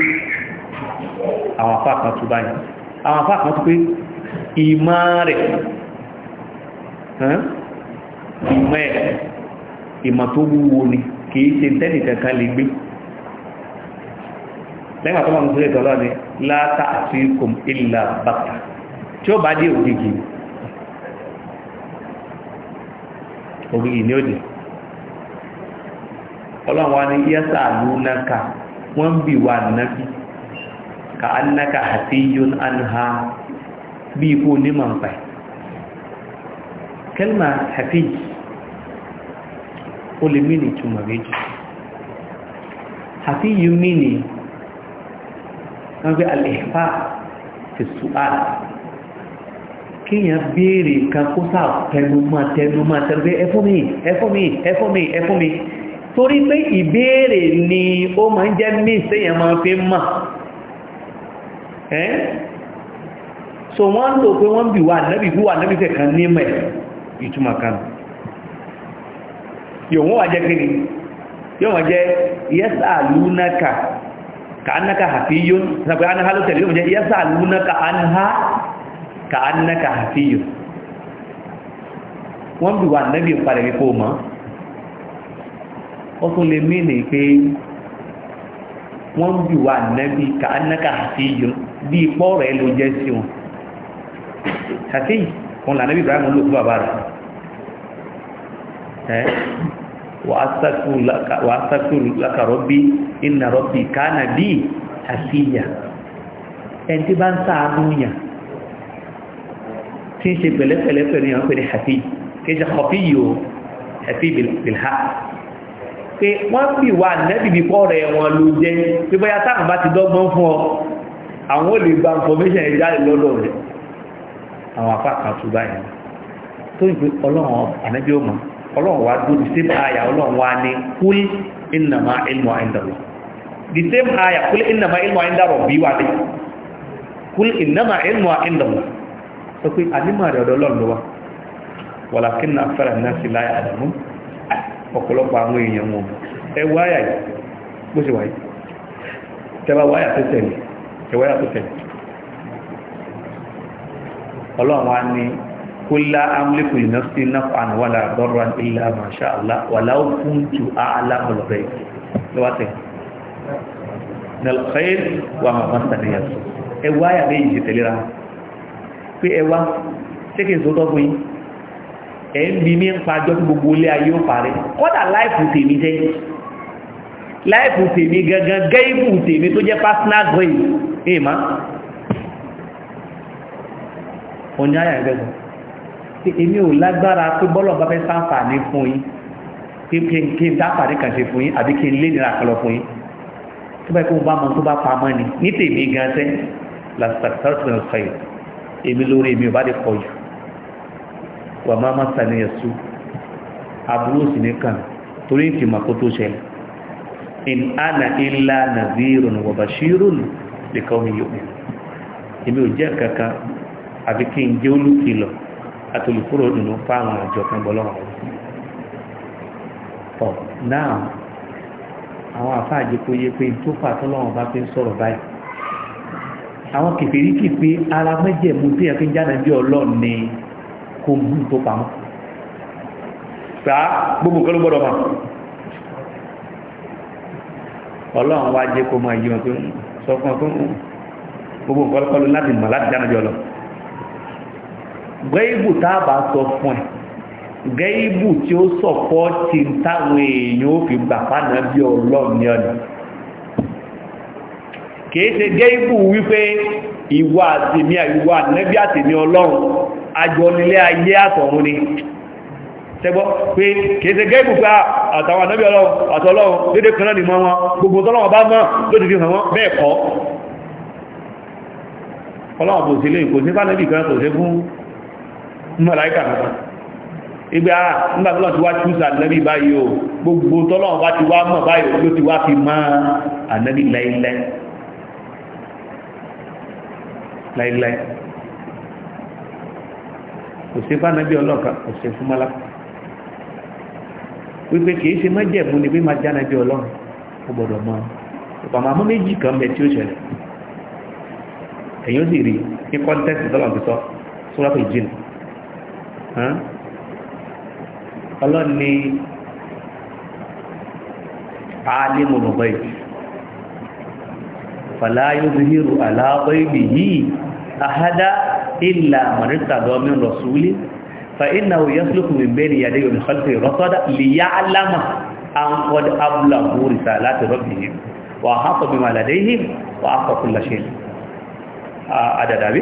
àwọn afá kan tó báyìí àwọn afá kan tó pé ìmọ̀ rẹ̀ ìmọ̀ ẹ̀ ìmọ̀ tó wúwo ni kìí ṣe tẹ́nì kankan lè gbé lẹ́gbà tó wọ́n sílẹ̀ tọ́lọ́ ni látà sí kòm ìlà bàtà tí ó bá dé ògìgì ògìgì ní òdì ọlọ́wọ́ ni yẹ́sà lónáka wọ́n bí wà nábi ka annaka hasiyun anha bí ikú onímọ̀ pẹ̀lú kẹ́lìmà hafiz ó lè mí ní ìtumọ̀ méjì hafiz yìí mí ní wọ́n gbé alẹ́fà ti sùúrù kíyàn béèrè kan kó sáà tẹnumọ́ tẹnumọ́ tẹnumọ́ ẹ fún mi ẹ torí pé ìbéèrè ni ó máa ń jẹ́ mí séyàn máa fi mọ̀ ẹ́ so wọ́n lò pé wọ́n bí wà nábì bí wà nábì fẹ̀ kan ní mẹ́ ìtumọ̀ kan yóò wọ́n wà jẹ́ kí ni yóò wọ́n jẹ́ yẹ́sà lúnáka ka annaka hafiyun sàpẹ́ anáhà ló tẹ̀lé yóò jẹ́ yẹ́sà lúnáka anáhà ka annaka hafiyun wọ́n bí wà nẹ́bí ìpàdé wípé o mọ́ ó tún lè mí ní pé wọ́n bí wà nẹ́bí ka annaka hafiyun bí ipọ́ rẹ̀ ló jẹ́ sí wọn hafiyun wọn là nẹ́bí Ibrahim ló kú bàbá rẹ̀ wà á sákúrú lákàrọ́ bí iná rọ́bì kánà bí àfíyà ẹni tí bá ń sáàánú yàn tí ń ṣe pẹ̀lẹ́pẹ̀lẹ́ pẹ̀lú yàn pẹ̀lú hafi kéjọ kọfí yìí o hafi bilha pé wọ́n fi wà nẹ́bì bí pọ́ rẹ̀ wọn ló jẹ́ tí bóyá táwọn bá ti dọ́gbọ́n fún ọ àwọn olè gba information ẹ̀dá lọ́dọ̀ rẹ̀ àwọn afá kan tó báyìí tó ń pè ọlọ́run ànẹ́bí ó mọ̀ ọlọ́run wá dúró the same aya ọlọ́run wá ní kúl ìnàmá ilmu àìndàrọ̀ the same aya kúl ìnàmá ilmu àìndàrọ̀ bí wà ní kúl ìnàmá ilmu àìndàrọ̀ sọ pé ànímọ̀ rẹ̀ ọ̀dọ̀ ọlọ́run ló wà wàlá kí ní afẹ́rẹ́ náà sí láyà àdàmú ọ̀pọ̀lọpọ̀ àwọn èèyàn wọn ẹ wá àyà yìí bó ṣe wà yìí tẹ́lá wáyà tó tẹ̀lé ẹ̀wáyà tó tẹ̀lé ọlọ́run wá ní قل لا أملك لنفسي نفعا ولا ضرا إلا ما شاء الله ولو كنت أعلم الغيب لواتي من الخير وما مسني السوء ẹwà yàrá èyí tẹ̀lera pé ẹwà ṣékè sótọ́ fún yín ẹ̀ ń bí mi ń pa jọ́ gbogbo ilé ayé ó parẹ́ kọ́dà láìfù tèmi jẹ́ láìfù tèmi gangan gẹ́ìfù tèmi tó jẹ́ personal grade èèmá oní àyà ẹgbẹ́gbẹ́ pé èmi ò lágbára pé bọ́lọ̀ bá fẹ́ sáǹfààní fún yín pé kí n dáfààní kan ṣe fún yín àbí kí n lé nira kan lọ fún yín tó bá yẹ kó bá mọ tó bá pamọ́ ni ní tèmi gan sẹ́ làtàkùn ọ̀sẹ̀ èmi lórí èmi ò bá lè pọ̀ jù wà má má sàníyàn sú aburú òsì ní kàn torí ìtì mà tó ṣẹlẹ̀ in ana illa nazirun wa bashirun li qawmi yu'minun èmi ò jẹ́ kankan àbí kí n jẹ́ olùkìlọ̀ àtòlùkúrò nínú fáwọn àjọ kan gbọ́lọ́wọ́ ọ̀ náà àwọn àfáàjẹ́ kó yé pé tó fà tó lọ́wọ́ bá fi ń sọ̀rọ̀ báyìí àwọn kèfèrí kì pé ara mẹ́jẹ̀mú tí ẹ̀ fi jáde bí ọlọ́ọ̀ ni kò mú tó pamọ́ gbà gbogbo kan ló gbọ́dọ̀ mọ̀ ọlọ́run wá jẹ́ kó mọ ìyí wọn pé sọ fún ọ pé gbogbo nǹkan kọ́ ló láti mọ̀ láti jáde bí ọlọ́ọ̀ gẹ́ìbù táàbà sọ fún ẹ̀ gẹ́ìbù tí ó sọ̀pọ̀ tí ń táwọn èèyàn ó fi gbà fánà bí ọlọ́run ní ọ̀nà kìí ṣe gẹ́ìbù wípé ìwà àtìmí àìwà nẹ́bí àtìmí ọlọ́run àjọ nílé ayé àtọ̀run ni tẹgbọ́ pé kìí ṣe gẹ́ìbù pé àtàwọn ànẹ́bí ọlọ́run àtọlọ́run dédé kan náà ni mọ́ wọn gbogbo tọ́lọ́wọ́ bá mọ́ ló ti fi hàn wọ́n sí lè kò sí fánẹ́bí fún mọ̀láíkà mọ́ta ibi a ah, nígbàtọ́lọ̀ ti wá chúsà ànábì báyìí o gbogbo tọ́lọ̀ wá ti wá mọ̀ báyìí ló ti wá fi mọ́ ànábì láìláì kò sí fún ànábì ọlọ́ọ̀ká kò sí fún mọ́lá wípé kìí ṣe mẹ́jẹ̀mú ni pé máa jẹ́ ànábì ọlọ́run ó gbọ́dọ̀ mọ́ ìpàmọ́ àmọ́ méjì kan bẹ tí ó èyí ó sì rí ní kọ́ńtẹ́sì tọ́lọ̀ ti sọ sọ́rọ́ ọlọ́run ní alimul ghaib fala yuzhiru ala ghaibihi ahada illa man irtada min rasulih fa innahu yasluku min bayni yadayhi wa min khalfihi rasada liya'lama an qad ablagu risalati rabbihim wa ahata bima ladayhim wa ahata kulla shay' ah, adada bi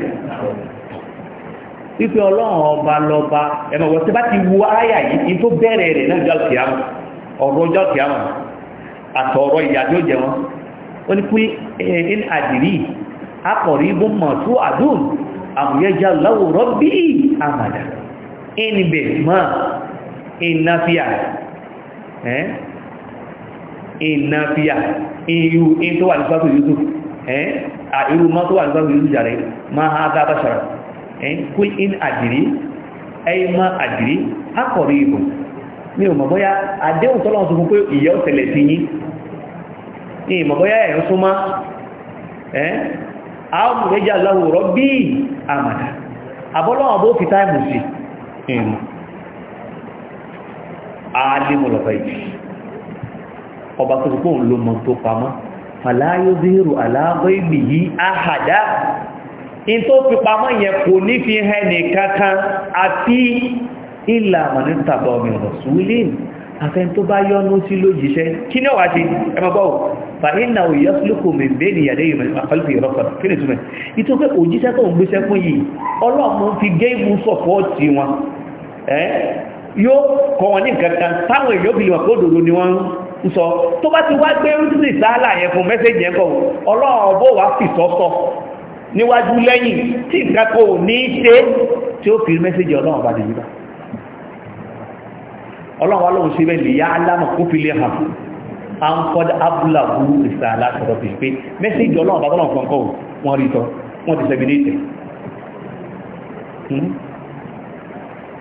wípé ọlọ́run ọba lọ́ba ẹ̀mọ̀ wọ́n ti bá ti wu àyà yìí ní tó bẹ̀rẹ̀ rẹ̀ náà jọ́ kìámù ọ̀rọ̀ jọ́ kìámù àtọ̀rọ̀ ìyá tó jẹ wọn ó ní pé in àdìrí akọ̀rí bó mọ̀ tó àdùn àmúyẹ́jà láwùrọ̀ bí àmàdà ìnibẹ̀ mọ́ ìnáfíà ìnáfíà ìyú in tó wà nípa tó yusuf àìrú mọ́ tó wà nípa tó yusuf jàre máa ha dá bá ṣàrà Eh, kul in àdìrí ẹ̀yìnmọ́ àdìrí akọ̀rí ìbò mi ò àdéhùn tọ́lọ́run ya fún ìyẹ́ òtẹ̀lẹ̀ sí yín ní ìmọ̀ bóyá ẹ̀ ń àwọn méjì aláwòrán bí àmàdà in tó fi pamọ́ yẹn kò ní fi hẹ́ nìkankan àti ìlà mọ̀nítàbọ̀ mìíràn súnlé àfẹ́ tó bá yọ́nú sí lójíṣẹ́ kí ní ọwà ṣe ẹmọ́bọ́wò fa iná òyìyá fúlùkù mẹ́bẹ́ ní ìyàdé ìmọ̀ àfẹ́lùfẹ́ ìrọ́pàá kí ní túnmẹ̀ ìtò pé òjíṣẹ́ tó ń gbéṣẹ́ fún yìí ọlọ́mọ fi géèmù sọ̀pọ̀ọ̀tì wọn ẹ́ yóò kọ́ wọn ní nǹkan táwọn èèyàn fi lè wọ́n kó dòdò ni wọ́n ń sọ tó bá ti wá gbé rúdúrì sáálà yẹn fún mẹ́sẹ̀jì yẹn kọ́ ọlọ́ọ̀bọ̀ wá fi sọ́sọ́ níwájú lẹ́yìn tí nǹkan kò ní í ṣe tí ó fi mẹ́sẹ̀jì ọlọ́run bá dìbò ọlọ́run wa lóhun ṣe bẹ́ẹ̀ lè yá alámọ̀ kó fi lè hàn án abúláwú ìsàlá sọ̀rọ̀ fi pé mẹ́sẹ̀jì ọlọ́run bá tọ́lọ̀ nǹkan wọn rí tọ́ wọn ti sẹ́mi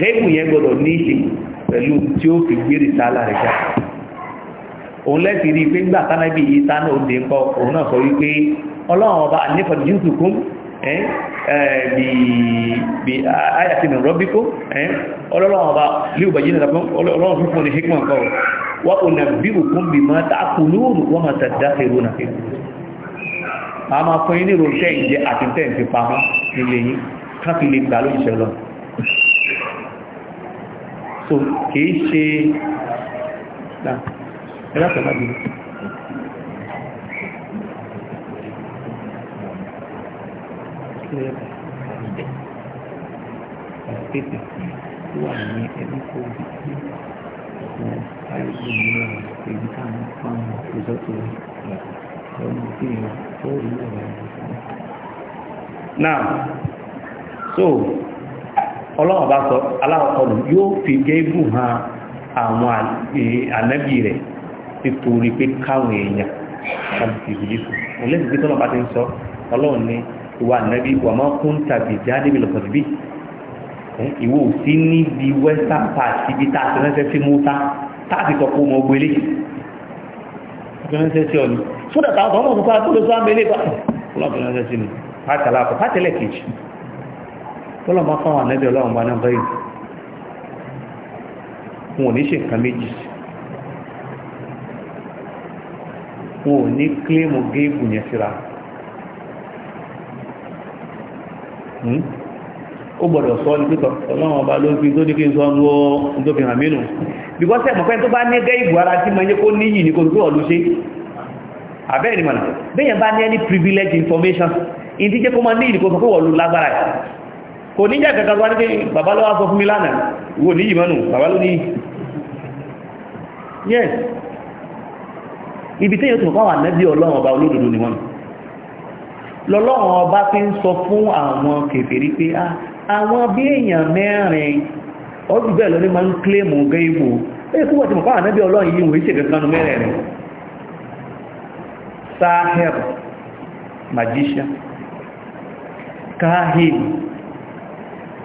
gẹ́gù yẹn gbọ́dọ̀ ní ṣe pẹ̀lú tí ó fi gbé rìsálà rẹ̀ já òun lẹ́sìn rí pé nígbà tánábì yìí tánà òde ń kọ́ òun náà sọ wípé ọlọ́run ọba bí fún a ìjẹ àti tẹ́ ìfipamọ́ so kìí ṣe ẹ̀lápẹ̀lábí wà ní ẹbí kò bí i ọ̀pọ̀ ayébí mìíràn èyí táwọn fáwọn ìjọ́tò ọmọ so ọlọ́run bá sọ aláwọ̀kọ́nù yóò fi gẹ́gù hàn àwọn ànábì rẹ̀ nítorí pé káwọn èèyàn tàbí ìbìlísù olóòtú tí tọ́lọ́pàá ti ń sọ ọlọ́run ní ìwà ànábì wà máa kún tàbí jáde bí lọ́kọ̀tì bí ìwọ ò sí níbi western part ibi tá a ti ránṣẹ́ sí mọ́tà tá a ti kọ́kọ́ mọ́ gbélé ránṣẹ́ sí ọ̀nì sódà táwọn ọmọ òkúta tó lè sọ àmì tọ́lọ̀ máa fáwọn ànẹ́bí ọlọ́run bá náà bẹ́yìn wọn ò ní ṣe nǹkan méjì wọn ò ní kílèmù géèbù yẹn síra hmm? ó gbọ́dọ̀ sọ ní pípọ̀ ọlọ́run ọba ló fi tó ní kí n sọ ń lọ ohun tó fi hàn mínú bíkọ́ sẹ́mọ̀ pẹ́ tó bá ní géèbù ara tí mo yẹ kó níyì ní kò tó ọ̀lú ṣe àbẹ́ẹ̀ ni mọ̀nà bẹ́yẹn bá ní any privilege information ìdíjẹ́ kó máa ní ìdíkò sọ pé wọ́n ló lágbára kò ni jẹ́ kẹta wáyé bàbá ló wá sọ fún mi lánàá wò ní ìmọ̀nù bàbá ló ní yes ibi tí yóò tún fáwọn ànábì ọlọ́run ọba olódodo ni wọ́n lọ́lọ́run ọba fi ń sọ fún àwọn kèfèrí pé ah, àwọn bí èèyàn mẹ́rin ọdún bẹ́ẹ̀ lọ ní máa ń kílèmù gẹ́ìbò ẹ̀ fún wọ́n ti mọ̀ fáwọn ànábì ọlọ́run yìí wòye ṣèkẹ́ kanu kahil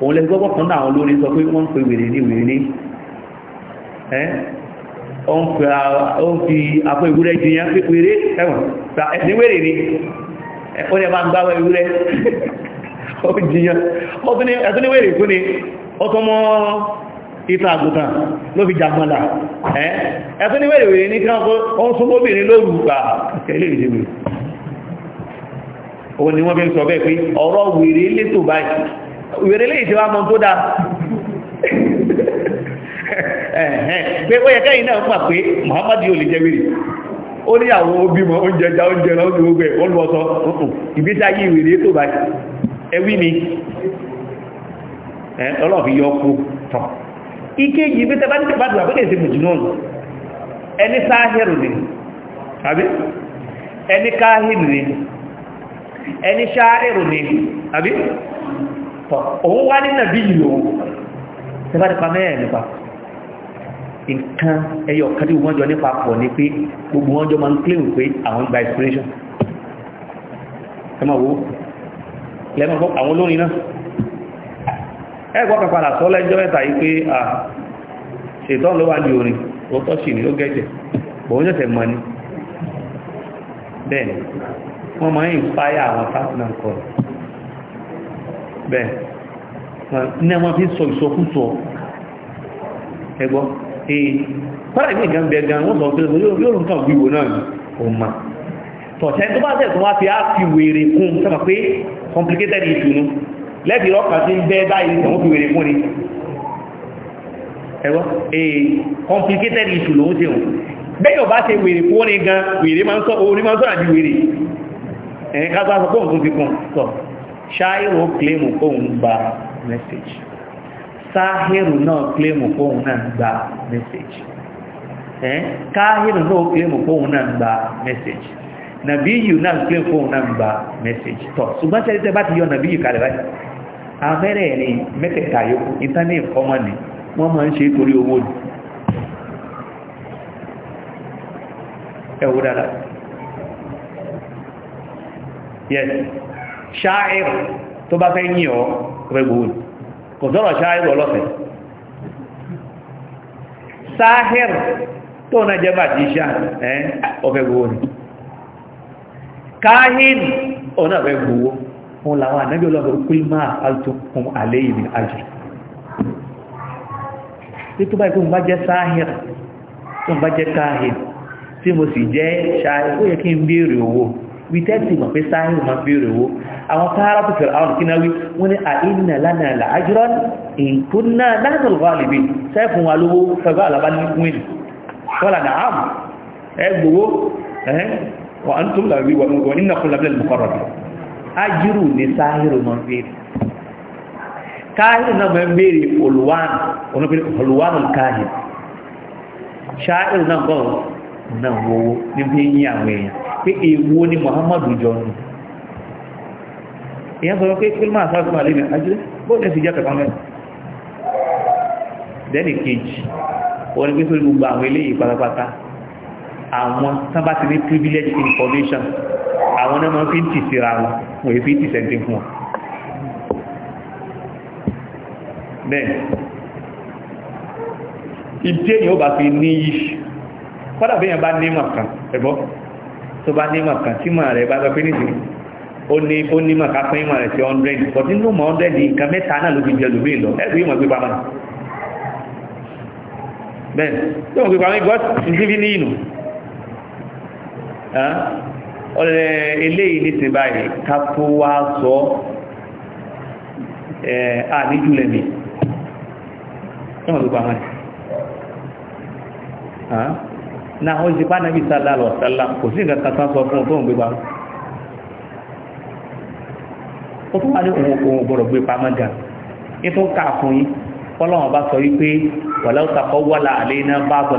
òun lè gbọ́gbọ́ kan náà àwọn olórí sọ pé wọ́n ń pe wèrè ní wèrè ní ó ń fi àpò ìwúrẹ́ jìyàn pé wèrè ẹ̀wọ̀n ẹ̀sìn wèrè ni ó ní ẹ̀bá ń gbáwọ̀ ìwúrẹ́ [LAUGHS] ó jìyàn ẹ̀sìn ní wèrè fún ni ó tọ́ mọ́ ìta àgùntàn ló fi jàmọ́lá ẹ̀sìn ní wèrè wèrè ní kí wọ́n sún mọ́bìnrin lóru gbà kẹ́lẹ́ ìdíwèrè werele lè mọ́ tó dáa pé ó yẹ kẹ́yìn náà pàpé Muhammad yóò lè jẹ ó ní àwọn obìmọ̀ oúnjẹ já oúnjẹ náà gbogbo ẹ̀ wọ́n lọ sọ ìgbésí ayé wèrè tó bá ẹwí mi ọlọ́ọ̀fi yọ kú tán ìkéjì bí tẹ́bá ní ẹni sáhẹ́rù ni àbí ẹni ni ẹni tọ́ òun wá ní nàbí yìí lòun ṣe bá ti pa mẹ́rin nípa nǹkan ẹyọ kan wọ́n jọ nípa pọ̀ ni pé gbogbo wọn jọ máa ń claim pé àwọn gba inspiration ẹ máa wo lẹ́mọ̀ fún àwọn olórin náà ẹgbọ́ kàpàdà sọ lẹ́jọ́ mẹ́ta yìí pé à ṣètọ́ ló wà ní orin ó tọ́ṣì ní ó gẹ́jẹ̀ bòun jẹ́sẹ̀ mọ́ ní bẹ́ẹ̀ wọ́n máa ń bẹ́ẹ̀ ní àwọn fi sọ ìsọkúsọ ẹgbọ́ ee fọ́nà ìgbẹ́ ìgbẹ́ bẹ́ẹ̀ gan wọ́n sọ pé yóò rùn kàn wíwò náà ni ó ma tọ̀tẹ́ tó bá tẹ̀ tó wá fi á fi wèrè kún sábà pé complicated ìtùnú lẹ́bi rọ́kà sí ń bẹ́ báyìí àwọn fi wèrè kún ni ẹgbọ́ ee complicated ìtù lòún ṣe wọn bẹ́ẹ̀ ọba ṣe wèrè kún ni gan wèrè máa ń sọ orí máa ṣáírò kílèmù kóhùn gba mẹ́sẹ̀jì sáhírù náà kílèmù kóhùn náà gba mẹ́sẹ̀jì káhírù náà kílèmù kóhùn náà gba mẹ́sẹ̀jì nàbíyù náà kílèmù kóhùn náà gba mẹ́sẹ̀jì tọ́ ṣùgbọ́n tẹ́lẹ̀ tẹ́ bá ti yọ nàbíyù kalẹ̀ báyìí abẹ́rẹ́ ni mẹ́tẹ̀ẹ̀ta yòókù internet common ni wọ́n máa ń ṣe torí owó ni yes ṣááìr tó bá fẹ́ yìn ọ ọ̀fẹ́ gbowó ni kò sọ̀rọ̀ ṣááìr ọlọ́fẹ́ sáhìr tó náà jẹ́ bàtí ṣá ọ̀fẹ́ gbowó ni káhìn ọ̀nà ọ̀fẹ́ gbowó wọn làwọn ọlọ́fẹ́ kúlí máa altukun alẹ́ ìbí ajì tí mo sì jẹ́ yẹ kí n owó wítẹ́sì mọ̀ pé sáyìn ma bèèrè owó àwọn sáárá tó fẹ̀rẹ̀ àwọn kínáwí wọ́n ni a inna lana la'ajran in kunna nahnu al-ghalibin sẹ́fún wa lówó fẹ́gbà alábá ní wín wọ́la na àmù ẹgbòwó wa antum la wí pé èwo ni muhammadu jọ nù ìyẹn sọ pé kí ló máa sáré fún àlébẹ̀ ajílẹ̀ bóòlù ẹ̀sìn jẹ́ kẹfà mẹ́rin dẹ́nì kejì wọ́n ní pé sórí gbogbo àwọn eléyìí pátápátá àwọn tán bá ti ní privilege information àwọn náà máa fi ń tì síra wọn wọ́n èé fi ń tì sẹ́ńtì fún wọn bẹ́ẹ̀ ìdí èyàn ó bá fi ní yìí kọ́dà bá ní mọ̀ kan ẹ̀gbọ́n tó bá ní màkà tí màá rẹ̀ bá lọ pé nìsín ó ní ó ní màkà pín màá rẹ̀ sí hundred but nínú mọ̀ hundred nǹkan mẹ́ta náà ló fi jẹ lómi lọ ẹ̀rù yìí mọ̀ gbé pamọ́ bẹ́ẹ̀ tó mọ̀ gbé pamọ́ gọ́t níbi ní ìnù ọ̀rẹ́ eléyìí ní ti báyìí ká tó wá na ó sì pàdé bí sálà lọ sálà kò sí nǹkan kan tán sọ fún un tó ń gbé pamọ́ ó tún wá ní òun gbọ́dọ̀ gbé pamọ́ gan ní tó ń kà fún yín fọlọ́wọ́n bá sọ wípé wàlá ó takọ́ wàlà àlẹ́ iná bá bọ̀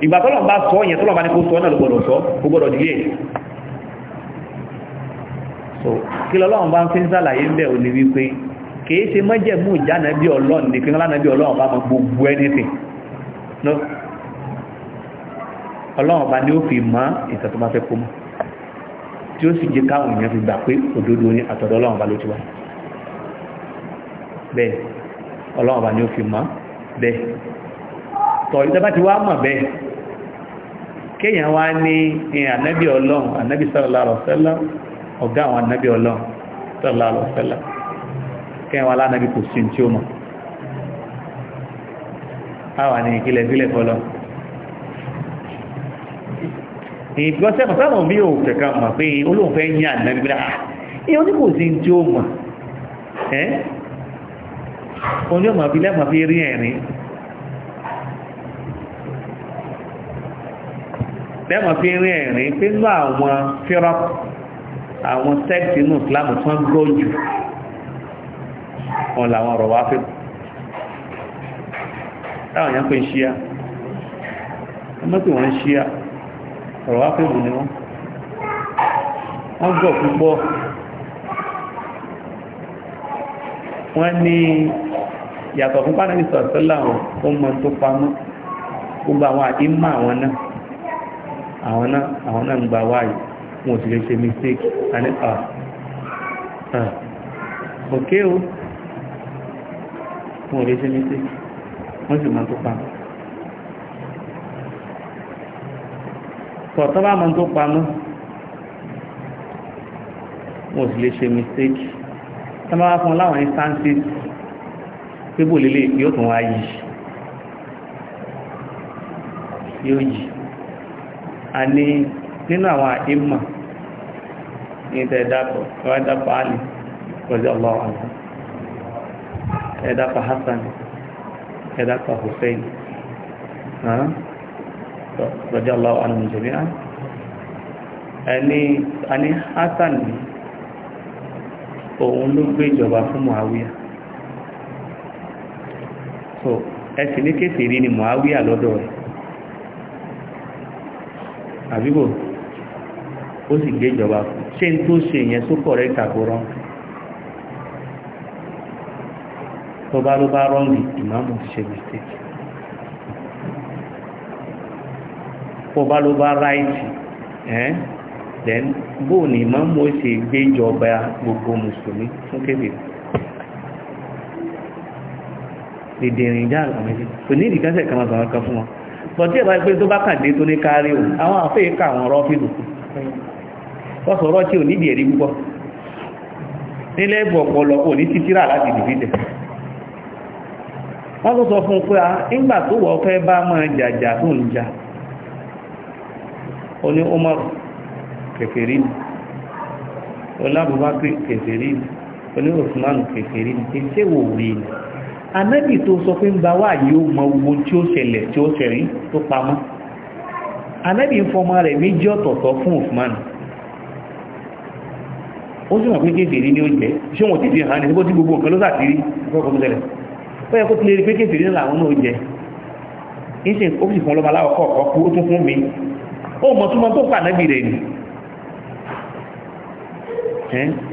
ìgbà tọ́lọ̀ bá sọ yẹn tọ́lọ̀ bá ní kó sọ náà ló gbọ́dọ̀ sọ ó gbọ́dọ̀ so kí lọ́lọ́run bá ń fi ń sàlàyé ń bẹ̀ ò ní wípé kìí ṣe mọ́jẹ̀mú ìjánà bí ọlọ́run ní kíńlá ọlọ́run bá mọ no ọlọ́run bá ní ó fi mọ́ ìtàn tó bá fẹ́ kó mọ́ tí ó sì jẹ káwọn èèyàn fi gbà pé òdodo ní àtọ̀dọ̀ ó fi mọ́ bẹ́ẹ̀ tọ̀ ìjọba ti wá mọ̀ bẹ́ẹ̀ kéèyàn wá ní ànábì ọlọ́run ànábì sallallahu alaihi wasallam ọ̀gá àwọn ànábì ọlọ́run sallallahu alaihi wasallam kéèyàn wá lánàbì kò sí tí ó mọ̀ àwọn àni ìkílẹ̀ sílẹ̀ fọlọ́ ìgbọ́sẹ̀ pàtàkùn bí òun kẹ̀kẹ́ mọ̀ pé olóòfẹ́ yí ànábì náà ìyọ́n ah, ní kò sí tí ó mọ̀ ẹ́ oní ọmọ tẹ́mọ̀ fi rin ẹ̀rin pé ní àwọn fírọ́p àwọn sẹ́ẹ̀tì inú ìsìlámù tán gbọ́ jù wọn làwọn ọ̀rọ̀ wá fẹ́ táwọn yẹn pé ń ṣíyá ọmọ tí wọ́n ń ṣíyá ọ̀rọ̀ wá fẹ́ bù ni wọ́n wọ́n gbọ́ púpọ̀ wọ́n ní yàtọ̀ fún pánẹ́lì sọ̀tọ́lá ọmọ tó pamọ́ gbogbo àwọn àdínmọ́ àwọn náà àwọn náà àwọn náà ń gba wáyé wọn sì lè ṣe mistake àní à òkè o wọn lè ṣe mistake wọ́n sì máa tó pamọ́ tọ̀tọ́ bá máa tó pamọ́ wọn sì lè ṣe mistake tí wọ́n bá fún láwọn instances pébò lélẹ̀ yóò tún wá yóò yìí a ní nínú àwọn àìmọ̀ ní ìtẹ̀ẹ̀dàpọ̀ ìwádàpọ̀ alì pẹ̀lú ọlọ́wọ́ àwọn ẹ̀dàpọ̀ Hassan ẹ̀dàpọ̀ Hussein rọ̀jọ́ ọlọ́wọ́ àwọn jẹ́míà ẹni àní Hassan ní òun ló gbé ìjọba fún Muawiya so ẹ̀sìn ní kéfèé ní Muawiya lọ́dọ̀ rẹ̀ àbíbò ó sì gbé ìjọba ṣé n tó ṣe yẹn tó kọ̀rẹ́ kàkóró tó bá ló bá rọ́ǹgì ìmáàmù ti ṣe mistake tó bá ló bá ráìtì ẹ́n then bóò ni ìmáàmù ó ṣe gbé ìjọba gbogbo mùsùlùmí fún kébìrì èdè ìrìnjà àwọn ẹgbẹ́ kò ní ìdíkásẹ̀ kan máa bàwọn kan fún wọn. bọ̀dí ẹ̀bá pé tó bá kàdé tó ní kárí o àwọn àfẹ́ ká àwọn rọ́fìdù wọ́n sọ̀rọ̀ tí ò nídìí ẹ̀rí púpọ̀ nílẹ̀ ẹ̀bù ọ̀pọ̀lọ ò ní títíra láti dìbìtẹ̀ wọ́n tó sọ fún pé a ah, ńgbà tó wọ́ fẹ́ bá mọ́ anábì tó sọ pé ń gba wá yìí ó mọ ogun tí ó ṣẹlẹ̀ tí ó ṣẹ̀rí tó pamọ́ anábì ń fọmọ rẹ̀ méjì ọ̀tọ̀ọ̀tọ̀ fún Usman ó sì mọ̀ pé kéfèrí ní oúnjẹ ṣé wọn ti fi hàn ní síbó tí gbogbo nǹkan ló sàtìrí ìfọ́kọ̀ tó ṣẹlẹ̀ ó yẹ kó ti lè rí pé kéfèrí ní làwọn náà jẹ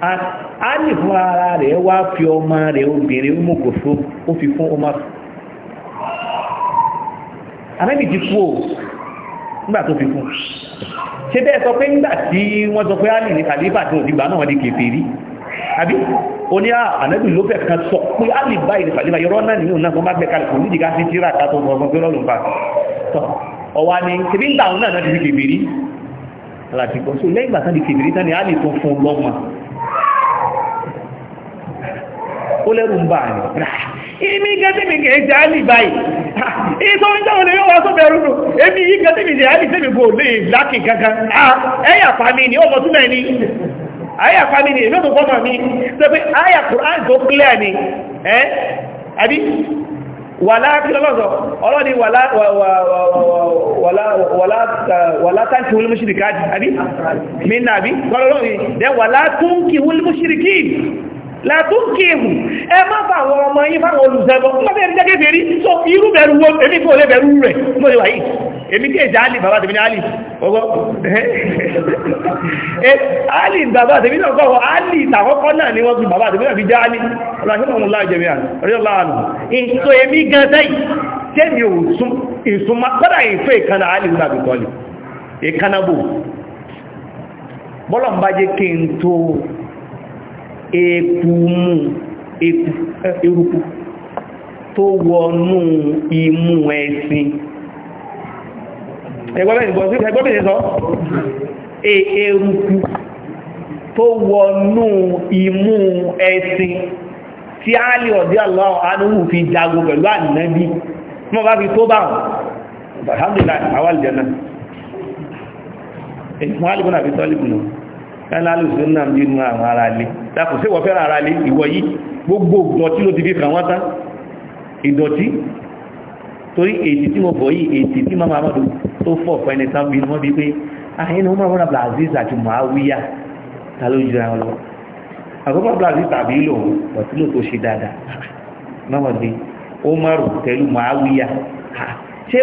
ali ara rẹ̀ wá fi ọmọ rẹ̀ obìnrin mọ́kòsó ó fi fún Umar anábì ti kú o nígbà tó fi fún ṣe bẹ́ẹ̀ sọ pé nígbà tí wọ́n sọ pé ali ní kàlífà ti gbà náà di kèfèrí àbí o ní ah, ànábì ló kan sọ pé ali báyìí kàlífà yọrọ náà nínú náà tó má gbẹ kalẹ̀ kò sí ni ṣebí ń gbà òun náà ti fi ni tó ó lẹ́rù ń bà ní ìmí gẹ́tẹ́mì gẹ̀ẹ́jẹ́ alì báyìí ìsọ ìjọba lè yóò wá sọ́bẹ̀ rúrù èmi yí gẹ́tẹ́mì gẹ̀ẹ́ alì tẹ́mì bò lè lákì kankan ẹ̀yàpá mi ni ọmọ túnmẹ̀ ni ayàpá mi ni èmi ò tó fọ́mọ̀ mi tẹ́pẹ́ ayàkùrá tó clear ni ẹ́ àbí wàlá kí lọ́lọ́sọ̀ ọlọ́ni wàlá tánkì wúlé mọ́ṣíríkì àbí mínà àbí kọ́lọ́lọ́rin dẹ́ wàlá tún kí wúlé mọ́ṣíríkì làtúnkìhù ẹ má bà àwọn ọmọ yín fáwọn olùsẹ́bọ̀ mọ́bí ẹni jẹ́gẹ́ bèrí so irú bẹ̀rù wo èmi kò lè bẹ̀rù rẹ̀ mo lè wáyé èmi tí èjì alì bàbá tèmi ní alì ọgọ́ [LAUGHS] alì bàbá tèmi náà kọ́ alì ìtàkọ́kọ́ náà ni wọ́n fi bàbá tèmi fi jẹ́ alì ọlọ́run eku mú eruku tó wọnú imú ẹṣin ẹgbọ́bẹ̀rẹ̀ sọ e, eruku tó wọnú imú ẹṣin tí a lè ọ̀dí Allah anúhù fi jago pẹ̀lú ànìyàn mọ́ bá fi tó bá wọn alhamdulillah àwọn aljanna ẹ̀kùn alìbọ̀nà àbítọ́lìbọ̀nà kálálùsù náà ń bínú àwọn ara lé dákùn sí wọ́n fẹ́ràn ara lé ìwọ yìí gbogbo ìdọ̀tí ló ti fi kàn wọ́n tán ìdọ̀tí torí èdè tí mo bọ̀ yìí èdè tí mama amadu tó fọ̀ pẹ́ni tán bínú wọ́n bí pé àyẹn ni wọ́n máa wọ́n Aziz àti Muawiya ta ló jira wọn lọ àkọ́kọ́ Aziz tàbí lòun ọ̀tí lò tó ṣe dáadáa mama bíi Umaru pẹ̀lú Muawiya ṣé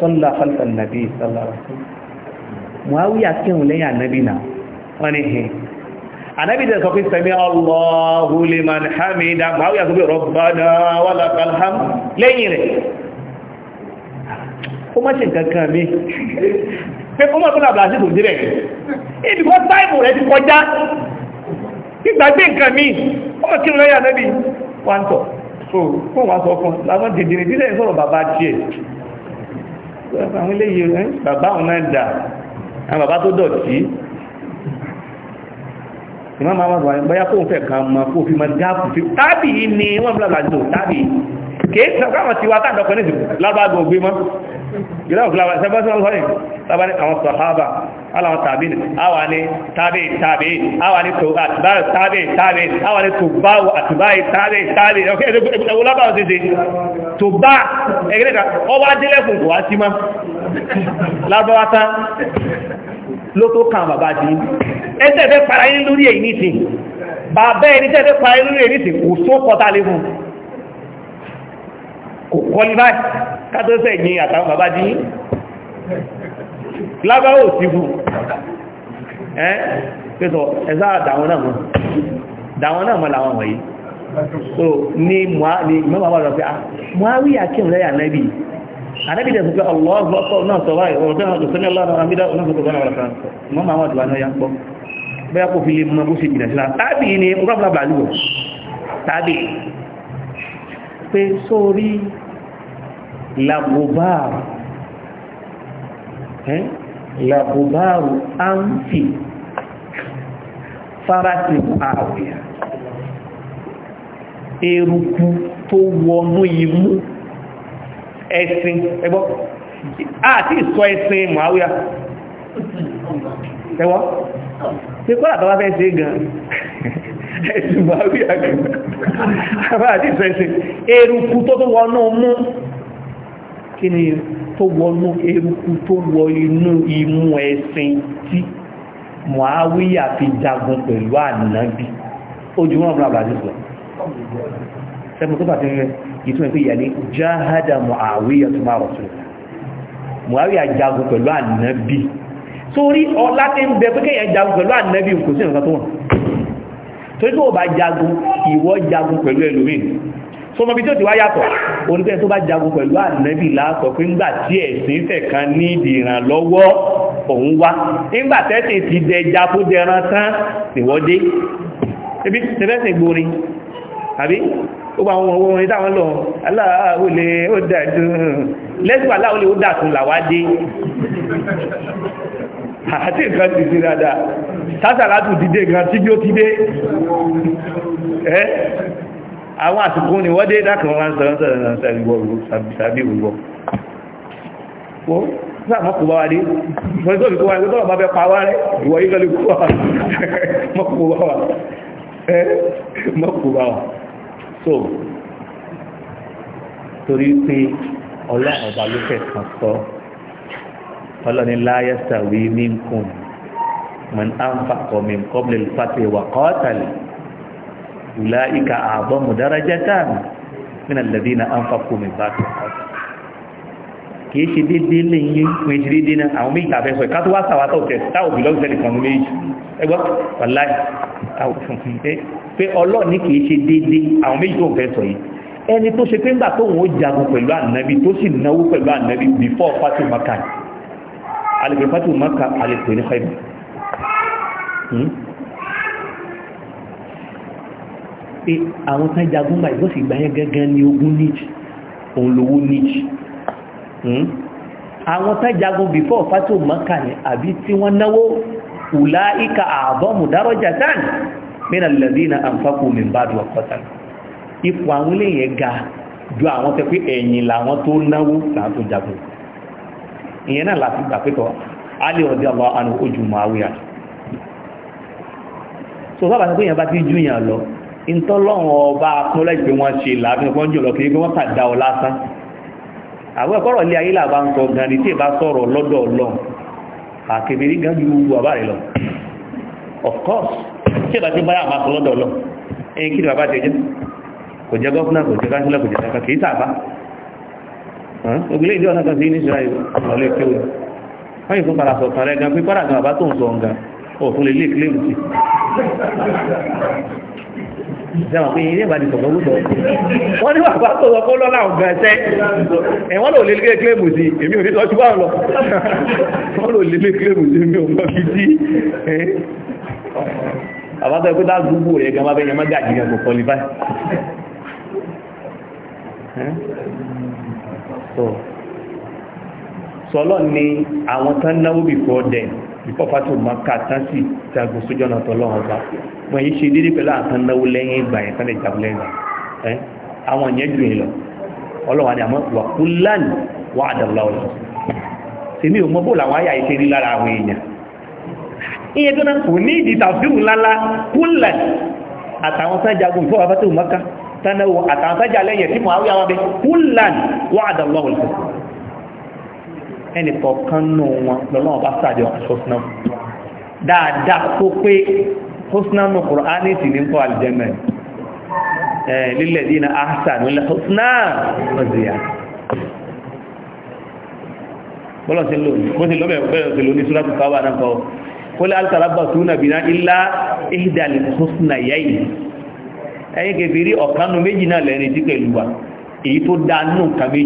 sọ́lá fàlfà nàbí sọ́lá rẹ̀ muawiya kírun lẹ́yìn ànábì náà wọ́n ní hìn ànábì tẹ́ sọ pé sami allahu liman hamida muawiya sọ pé rabbana wa lakal hamd lẹ́yìn rẹ̀ ó má ṣe nǹkan kan mi pé fún mọ́tún àbúrà sí tòjú rẹ̀ ibi kọ́ táìmù rẹ̀ ti kọjá ìgbàgbé nǹkan mi ó mọ̀ kírun lẹ́yìn ànábì wọ́n tọ̀ so fún wa bàbá tiẹ̀ àwọn àwọn bàbá tó dọ̀tí ìmọ̀ máa wà bóyá kóun fẹ̀ kan mọ kó fi mọ gáàpù fi tábì ní wọ́n bí kìí sọ́kọ́ àwọn tiwa tá àdọ́kọ́ nídìí lábàgbọ́ ògbé mọ́ ìlàwọ̀ fúláwà sẹ́bọ́sọ́ ọ̀hìn lábàní àwọn sọ̀hábà aláwọn tàbí àwà ní tàbí tàbí àwà ní tàbí tàbí àwà ní tòbá àtìbáyì tàbí tàbí ọkẹ́ ẹgbẹ̀rẹ̀ lábàá òṣèṣe tòbá ẹgbẹ̀rẹ̀ ọwá délẹ́kùn kò wá sí mọ́ lábàá tán ló tó kàn bàbá dì ẹsẹ̀ fẹ́ para yín lórí èyí nìsín bàbá ẹni tẹ́ẹ̀fẹ́ para yín lórí èyí nìsín kò só kò qualify kátó sẹ́yìn àtàwọn bàbá dín lábáwò sí fún ẹ́ pẹ́sọ̀ ẹ̀sá àdàwọn náà mọ́ dàwọn náà mọ́ làwọn wọ̀nyí so ní mọ́mọ́ bá lọ pé ah, mọ́wí àkíyàn lẹ́yà nẹ́bí ànẹ́bí dẹ̀ sọ pé ọlọ́ọ̀gbọ́sọ̀ náà sọ báyìí ọ̀rọ̀ tẹ́lá ọ̀dọ̀ sẹ́lẹ̀ ọlọ́run àmìdá onífòkòrò náà wọ̀lọ́sàn mọ́mọ́ àwọn àdùbà náà yá ń pọ́ bẹ́yà kò fi lè mọ́ bó ṣe jìnà síra tàbí ni rọ́bùlà bàálù tàbí pé sórí lagubaru eh lagubaru anfi farasi àwẹ̀ eruku tó wọnú imú ẹ̀sìn ẹgbọ́ àti ìsọ ẹ̀sìn mọ̀háwíà ẹwọ́ tí kọ́lá tọ́lá fẹ́ ṣe gan ẹ̀sìn mọ̀háwíà gan àti ìsọ ẹ̀sìn eruku tó to wọnú mú kí ni tó wọnú eruku tó wọ inú imú ẹ̀sìn tí Muawiya fi jagun pẹ̀lú ànábì ojú wọn bla bla ní sọ sẹ́mu tó bàtí rẹ̀ ìtumọ̀ pé yàní jáhádà Muawiya tó máa rọ̀tún Muawiya jagun pẹ̀lú ànábì torí ọlá tí ń bẹ pé kéèyàn jagun pẹ̀lú ànábì kò sí nǹkan tó wọ̀n torí tó bá jagun ìwọ jagun pẹ̀lú ẹlòmíì sọmọbi tí ó ti wá yàtọ̀ oníkẹ́ tó bá jagun pẹ̀lú ànẹ́bì láàtọ̀ pé ńgbà tí ẹ̀sìn fẹ̀kan ní ìdìrànlọ́wọ́ òun wá ńgbà tẹ́sìn ti dẹja tó dẹran tán ìwọ́dé ebi tẹ́fẹ́sìn gborin àbí gbogbo àwọn ọmọ orin táwọn lọ aláàwòlé ó dàdún lẹ́sùn àwọn àsìkò ni wọ́n dé dákùn wọn sọ̀rọ̀ sọ̀rọ̀ sọ̀rọ̀ ìwọ̀ sàbí ìwọ̀ wọ́n sáàmọ́ kò bá wà dé wọ́n tó fi kó wà ní tọ́lọ̀ bá fẹ́ pa [LAUGHS] so torí pé ọlọ́run ọba ló fẹ́ kan sọ ọlọ́ni láyẹ́sà wí ní nkùn mọ̀ ní àǹfà kọ̀mí kọ́bìlì pàtẹ́ kọ́ọ̀tàlì ulaika a'zamu darajatan min alladhina anfaqu min ba'di kìí ṣe dédé lẹ́yìn pín ṣe dédé náà àwọn méjì tàbí ẹ̀sọ̀ ìkátó wá sàwátọ̀ tẹ̀ táwò bí lọ́wọ́ sẹ́lẹ̀ kanú méjì ẹgbọ́ wàláì fún pé ọlọ́ ní kìí ṣe dédé àwọn méjì tó ń fẹ́ sọ yìí ẹni tó ṣe pé ńgbà tó ń jagun pẹ̀lú ànábì tó sì náwó pẹ̀lú ànábì before fatu maka alẹ́pẹ̀ fatu maka alẹ́pẹ̀ ní fẹ́mi pé àwọn tán jagun báyìí bó sì gbà yẹn gangan ni ogun níjì òun lówó níjì hmm? àwọn tán jagun before fatu maka ni àbí tí wọ́n náwó ùlá ìka àbọ̀mù dárọ́jà tán mẹ́nà lẹ́dínà àǹfàkù mi bá dùn ọ̀kọ́ta ipò àwọn eléyẹn ga ju àwọn tẹ pé ẹ̀yìn làwọn tó náwó làwọn tó jagun ìyẹn náà láti gbà pẹ́tọ̀ alì ọ̀dẹ́ ọba ànú ojú mọ̀ àwíyà so bábà tó bá ti júyàn lọ ìtọ́lọ́wọ̀n ọba akúnlẹ̀gbẹ̀ wọn ṣe láàbí ọkọ̀ jùlọ kìí gbé wọ́n kàdá ọ lásán àwọn ẹ̀kọ́rọ̀ ilé ayé làbá ń sọ gan ni tí ìbá sọ̀rọ̀ lọ́dọ̀ ọlọ́run àkèbèrè gan ju gbogbo àbá rẹ̀ lọ of course tí ìbá ti báyà máa sọ lọ́dọ̀ ọlọ́run ẹ̀yìn kí ni bàbá ti jẹ́ kò jẹ́ gọ́fúnà kò jẹ́ káńsílẹ̀ kò jẹ́ kankan kìí sàbá ògbìlẹ̀ ìdí ọ̀nà kan gan pé pàràgàn àbá tó ń sọ ǹgan òfin lè ìjọba pé ilé ìbàdí sọ̀rọ̀ wúsọ wọ́n ní bàbá tó sọ kó lọ́la ọ̀gá ẹsẹ́ ẹ̀wọ́n lò lè lé kílèmù sí èmi ò ní tọ́jú wà lọ wọ́n lò lè lé kílèmù sí èmi ò mọ́ fi dí bàbá tó ẹkú dá gbogbo rẹ̀ gan bàbá ẹ̀yàn mọ́gàjì gan kò kọlí báyìí sọ̀lọ́ ni àwọn tán náwó bìfọ́ dẹ̀ bíkọ́ fatu maka tansi tí a gbọ́ sójú ọ̀nà tọ́lọ́ wọn bá wọn yìí ṣe dídí pẹ̀lú àtàn náwó lẹ́yìn ìgbà yẹn tán lè jà lẹ́yìn ìgbà ẹ́ àwọn yẹn jù yín lọ ọlọ́wọ́n ni àmọ́ wà kú lánìí wà àdàlọ́ ọ̀lọ́ tèmi ò mọ bó làwọn àyà ìṣe rí lára àwọn èèyàn ìyẹn tó náà kò ní ìdí tàbíù ńláńlá kú lánìí àtàwọn tán jagun ìfọwọ́ fatu maka tán náwó àtàwọn tán jà ẹnì kọ̀ọ̀kan nù wọn lọ́lọ́wọ́ bá sáàdì ọkàn ṣọ́sínà dáadáa tó pé ṣọ́sínà nù Kùránì tì ní kọ́ àlìjẹ́mẹ̀ lílẹ̀ dínà áṣà nílẹ̀ ṣọ́sínà ọ̀zìyà bọ́lọ̀ sí lónìí bó ti lọ́bẹ̀ bẹ́ẹ̀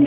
sí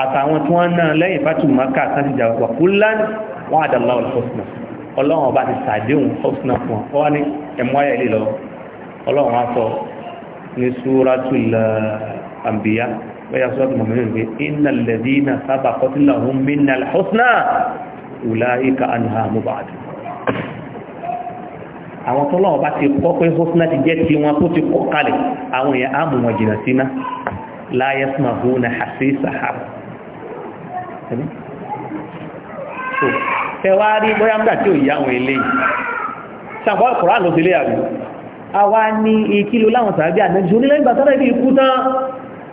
àtàwọn tí wọ́n náà lẹ́yìn fatu maka sáti jà wà fúlán wọ́n àdàlá ọ̀lọ́sọ̀nà ọlọ́run ọba ti sàdéhùn ọ̀sọ̀nà fún ọ wá ní ẹ̀mú ayé lílọ ọlọ́run á sọ ní suratul anbiya bẹ́yà suratul mu'minun pé innal ladina sabaqat lahum minnal husna ulaika anha mubadu àwọn àwọn èèyàn á mú wọn àtìrí so tẹwàá rí bóyá ń gbà tí ò yí àwọn eléyìí sàpọ̀ ọ̀kọ̀rọ̀ àlọ́ sílé àrí àwa ní ìkílò láwọn sàábí ànẹ́jú ní lẹ́yìn bàtàrà ibi ikú tán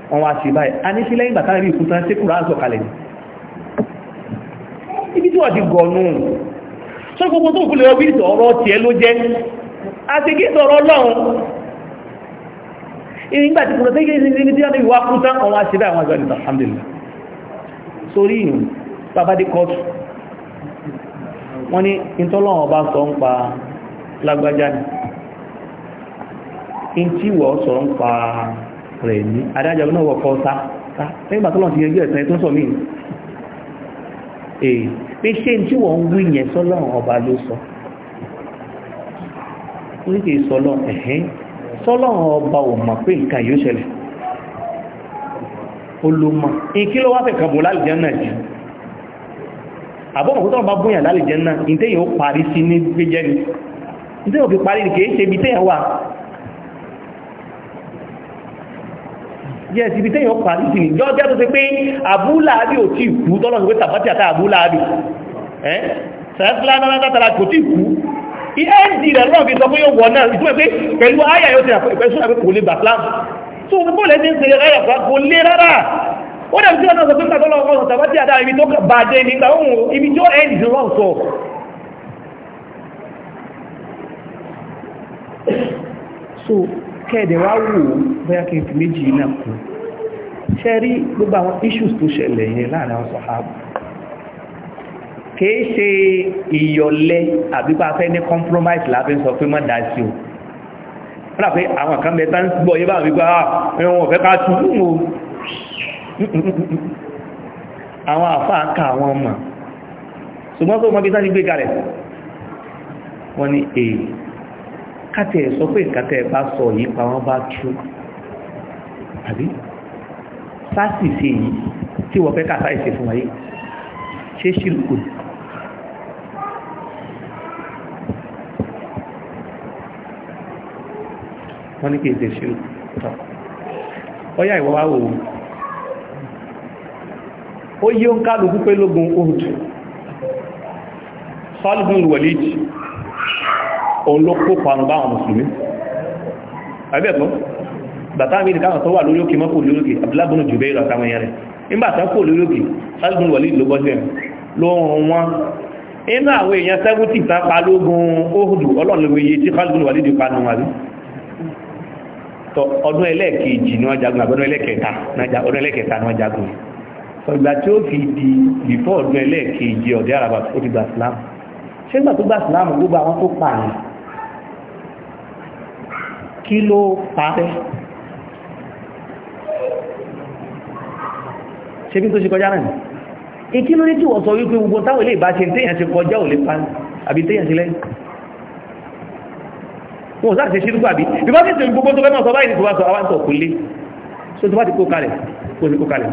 wọn wá sí báyìí a ní sí lẹ́yìn bàtàrà ibi ikú tán sí kùrá ń sọ̀kalẹ̀ ibi tí wọ́n ti gọ̀nù sọ gbogbo tó kúlẹ̀ ọbí sórí ìrùn tàbádé kọ́tù wọ́n ní ìtọ́lọ́wọ́ bá sọ ń pa lágbájá ní in tí wọ́ sọ ń pa rẹ̀ ní adájọ́ náà wọ́ kọ́ sá nígbà tọ́lọ́ ti yẹjú ẹ̀sẹ̀ tó sọ mí èyí pé ṣé tí wọ́n ń wí yẹn sọ́lọ́run ọba ló sọ olómọ̀ in kí ló wá fẹ́ kàbò lálìjẹ́nà jù àbọ́mọ̀ tó bá bóyàn lálìjẹ́nà in tẹ́ yóò parí sí ní gbéjẹ́ ni in tẹ́ yóò fi parí ní kìí ṣe ibi tẹ́yàn wà yes ibi tẹ́yàn parí sí ni jọ́jẹ́ tó ṣe pé abúláàbí ò tí kú tọ́lọ̀ ìwé tàbátì àtà abúláàbí ẹ́ sẹ́fúlá tó o bọ́ọ̀lù ẹni ń pèrè rárá fún kò lé rárá ó dẹ̀ tí wọ́n náà sọ pé nígbà tó lọ́wọ́ ọ̀sán tàbátì àdá ibi tó bàjẹ́ nígbà ohun ibi so kẹ́ẹ̀dẹ̀ wá wò bóyá kí n fi méjì iná kù ṣe rí gbogbo àwọn issues tó ṣẹlẹ̀ yẹn láàrin àwọn sọ̀hábù kìí ṣe ìyọ̀lẹ́ àbípa fẹ́ ní compromise láàfin sọ pé mọ́ dá sí o kọ́nà pé àwọn kan mẹ́ta ń bọ̀ yẹ́ bá wípé àwọn ah, ọ̀fẹ́ ká tún mú àwọn àfáà ká àwọn ọmọ ṣùgbọ́n tó mọ́ bí sáà ní gbé kalẹ̀ wọ́n ní èyí kátẹ̀ sọ pé kátẹ̀ bá sọ yìí pa wọ́n bá tú àbí sáàsì sí èyí wọ́n ní kí èdè ṣe tọ́ ọyá ìwọ́ wá wòó ó yí ó ń kálùkú pé lógun Uhud sọ́lùbùn Walid òun ló kó pàrùn bá àwọn mùsùlùmí àbẹ́ẹ̀kọ́ bàtà àmìrì káwọn tó wà lórí òkè mọ́kò lórí òkè abúlábùnù jù bẹ́ẹ̀ lọ́tàwọn èèyàn rẹ̀ nígbàtà kò lórí òkè sọ́lùbùn Walid ló bọ́sẹ̀ ló rùn wọn inú àwọn èèyàn 70 tán pa lógun Uhud ọlọ́run lóye tí sọ́lùbùn Walid pa nù wọn ọdún ẹlẹ́ẹ̀kejì ni wọ́n jagun àbọ̀dún ẹlẹ́ẹ̀kẹta ọdún ẹlẹ́ẹ̀kẹta ni wọ́n jagun ìgbà tí ó fi di bìfọ́ ọdún ẹlẹ́ẹ̀kejì ọ̀dẹ́ àràbà ó ti gba islam ṣé nígbà tó gba islam gbogbo àwọn tó pààyàn kí ló parẹ́ ṣé bí tó ṣe kọjá náà ìkí ló ní tí wọ́n sọ wípé gbogbo táwọn ilé ìbáṣe téèyàn ti kọjá ò lè pa àbí téèyàn ti lẹ́yìn wọn sáà ṣe ṣírúkú àbí bíbá sí ìṣèlú gbogbo tó fẹ́ náà sọ báyìí ní ìṣòwò àwọn àtọ̀ kò lé so tó bá ti kó kalẹ̀ kó ti kó kalẹ̀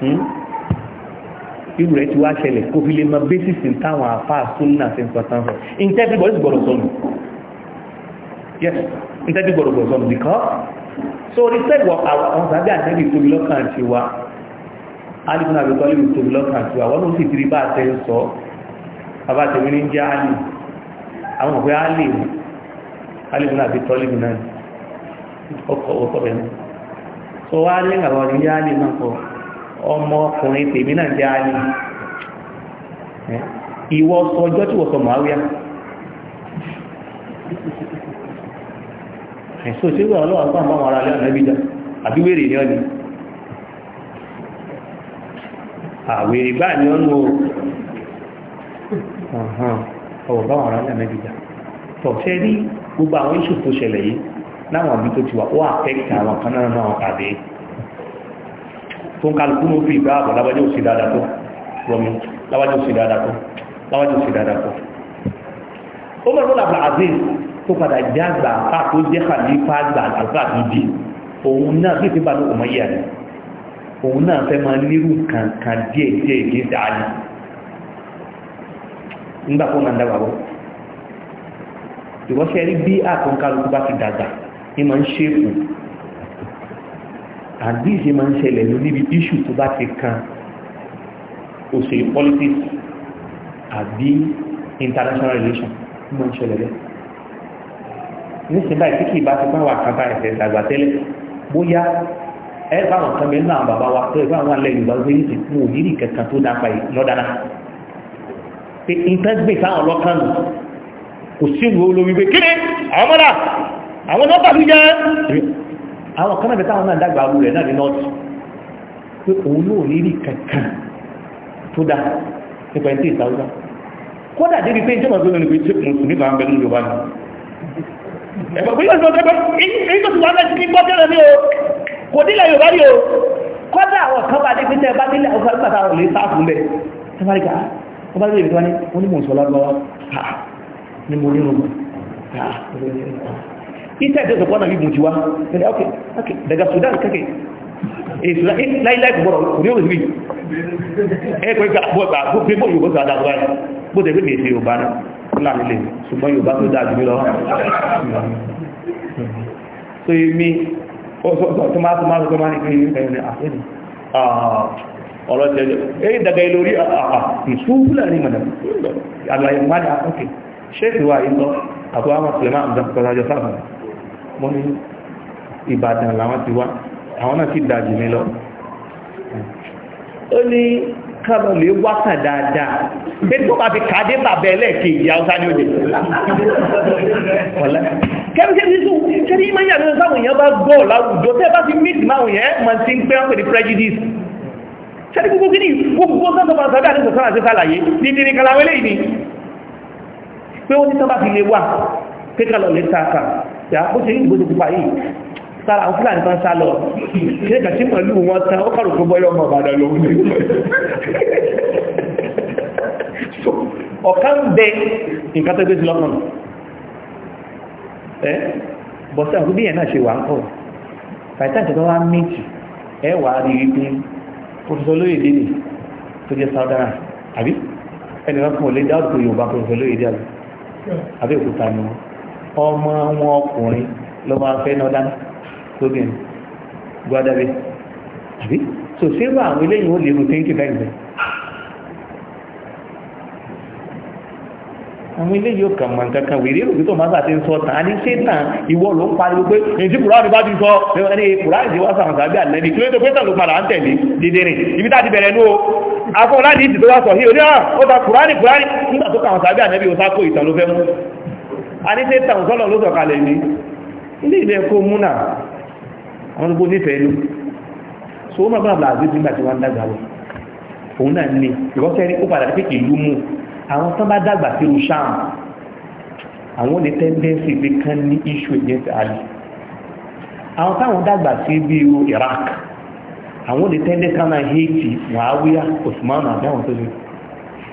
hmm? irú rẹ̀ ti wá ṣẹlẹ̀ kó fi lè mọ basis táwọn afá súnà ṣe ń sọ tán fún intẹ́tìgbọ̀rọ̀ sì gbọ́dọ̀ sọnù yes intẹ́tìgbọ̀rọ̀ gbọ́dọ̀ sọnù because so respect wọ àwọn sàbí àtẹ́bí tóbi lọ́kàn ti wa alifun àbíkọ́ lè tóbi lọ́kàn ti wa wọ́n ló sì tiri bá àtẹ́ sọ bàbá àtẹ́bí ní jẹ́ àlè àwọn òpé àlè alìbùn àti tọ́lìbù náà ọkọ̀ ọkọ̀ rẹ̀ náà tó wá ní àwọn ọ̀rìn yá alì náà kọ ọmọ ọkùnrin tèmi náà jẹ́ alì ìwọ sọ ọjọ́ tí wọ́n sọ màáwíà ẹ̀sọ́ tí wọ́n lọ́wọ́ fún àwọn ará lẹ́wọ̀n ẹbí jà àbí wèrè ní ọ̀nì àwèrè gbáà ní ọ̀nà ọ̀hán ọ̀wọ̀ báwọn ará lẹ́wọ̀n ẹbí jà tọ̀ṣẹ́ rí gbogbo àwọn iṣu tó ṣẹlẹ̀ yìí láwọn ibi tó ti wà ó àfẹ́kì àwọn kan náà náà tàbí tó ń kálukú ló fi ìgbà àbọ̀ lábájọ́ òsì dáadáa tó rọmi lábájọ́ òsì dáadáa tó lábájọ́ òsì dáadáa tó. ó mọ̀ lọ́la Abdulaziz tó padà jẹ́ àgbà àfà tó jẹ́ khalifa àgbà àgbà gidi òun náà bí ìfipá ló mọ̀ yẹ̀ òun náà fẹ́ máa nírú kankan díẹ̀ díẹ̀ díẹ̀ dáa ní. nígbà fún nàndàbà ìwọ́sẹ̀ rí bí àkọ́nkálukú bá ti dàgbà ní ma ń ṣèkù àdíṣe ma ń ṣẹlẹ̀ níbi iṣu tó bá ti kan òṣèlú politics àbí international relations ma ń ṣẹlẹ̀ lẹ́ nísìnyí báyìí tí kì í bá ti bá wà kábà ẹ̀sẹ̀ dàgbà tẹ́lẹ̀ bóyá ẹ báwọn kan bẹ náà bàbá wa tó ẹ báwọn alẹ́ yorùbá gbé yìí tìkú òyìnbí kankan tó dáa pa yìí lọ́dára pé ìtẹ́gbẹ̀ sáwọn ọlọ́kànnù kò sí ìlú olómi pé kí ni àwọn mọ́dà àwọn nọ́ọ̀tà ló jẹ́ àwọn kan náà táwọn náà dàgbà rú rẹ̀ náà ní nọ́ọ̀tì pé òun náà ní rí kankan tó dá nípa ẹni tí ìtàwùjá kódà débi pé ìjọba gbé lónìí pé tí mùsùlùmí máa ń bẹ nínú Yorùbá ni ẹ̀fọ́ pé yóò sọ pé èyí tó ti wá mẹ́sì ní gbọ́tẹ́rẹ̀ ní o kò dílẹ̀ Yorùbá ní o kódà àwọn kan bá débi tẹ́ bá dílẹ̀ ọkọ̀ nígbà táwọn lè ni mo rí rùn ìtẹ́ ìtẹ́ ìsọ̀pọ̀ náà bí mo ti wá ẹ̀lẹ́ ok ok daga Sudan kẹ́kẹ́ láìláì gbọ́rọ̀ orí òwúrí ẹ̀kọ́ ìgbà gbogbo ìgbò yóò gbọ́sọ̀ àdáwọ̀ báyìí bó tẹ̀ gbé èsì Yorùbá náà nílẹ̀ ṣùgbọ́n Yorùbá tó dáa jùlọ so mi tó máa tó máa tó máa ní pé ìrìnkẹ̀yìn àfẹ́ni ah, ọ̀rọ̀ tẹ̀lẹ̀ eh, ṣéèkì wà yìí lọ àbúrò àwọn sùlẹ̀mà àbúrò àjọ sábà mo ní ìbàdàn làwọn ti wá àwọn náà ti dàjù mí lọ ó ní kábọ̀ lè wákà dáadáa pé tó bá fi kàdé bàbẹ̀ lẹ́ẹ̀kì ìyá ọ̀sá ní òde kẹ́rìkẹ́rì tó kẹ́rì ìmọ̀ ìyàwó sáwọn èèyàn bá gbọ́ láwùjọ tẹ́ bá fi mít máwùn yẹn ma ti ń pẹ́ pẹ̀lú prejudice ṣẹ́rí gbogbo kí ni gbogbo sọ́sọ́ bá sọ́dá ní sọ́sọ́ àti sálàyé ní ní kalawẹ́lẹ́ yìí pé ó ní tọ́bá fi lè wà kékàlọ̀ lè tààkà yà ó ṣe ìgbóni pupa yìí sára àwọn fúlàní kan sá lọ kéèkà sí pẹ̀lú wọn tán ó kàrò tó bọ́yọ́ ọmọ ọ̀bàdàn lòun ní ọ̀ká ń bẹ nǹkan tó gbé sí lọ́kàn ẹ́ bọ̀sẹ̀ àwọn bíyẹn náà ṣe wà ń kọ̀ kàìtà ìṣẹ̀tọ́ wá méjì ẹ wà á rí i pé pòtòtò lóye dé nì tó jẹ́ sáwọ́dára àbí ẹnìkan kan ò lè dáàbò yorùbá pòtòtò lóye dé àbí abẹ́òkúta ni wọ́n ọmọ wọn ọkùnrin ló máa fẹ́ náà dáná lóbi ẹni gbọ́dábẹ́ àbí so ṣé wà àwọn eléyìí ó lè mú tẹ́ńkì báyìí àwọn ilé yóò kàn mọ̀ nǹkan kan wèrè òbí tó máa sàti ń sọ tàn á ní ṣé tàn ìwọ ló ń pariwo pé èyí kùránì bá ti sọ ẹni kùránì ti wá sàrùn tàbí àlẹ́ ní kílódé pé tàló padà ń tẹ̀lé dédé rìn ibi tá a ti bẹ̀rẹ̀ nú o afọ́ láti ìdí tó wá sọ yìí oníhàn ó ta kùránì kùránì nígbà tó kàwọn tàbí àlẹ́ bí o sáko ìtàn ló fẹ́ mú a ní ṣé ní ilé ilẹ̀ kó àwọn tó bá dàgbà sí ṣáàmù àwọn ò ní tẹ́ndẹ́sì pé kán ní iṣu against Ali àwọn táwọn dàgbà sí bí irú Iraq àwọn ò ní tẹ́ndẹ́sì kan náà Haiti Muawiya Osman àbẹ́wọn tó ṣe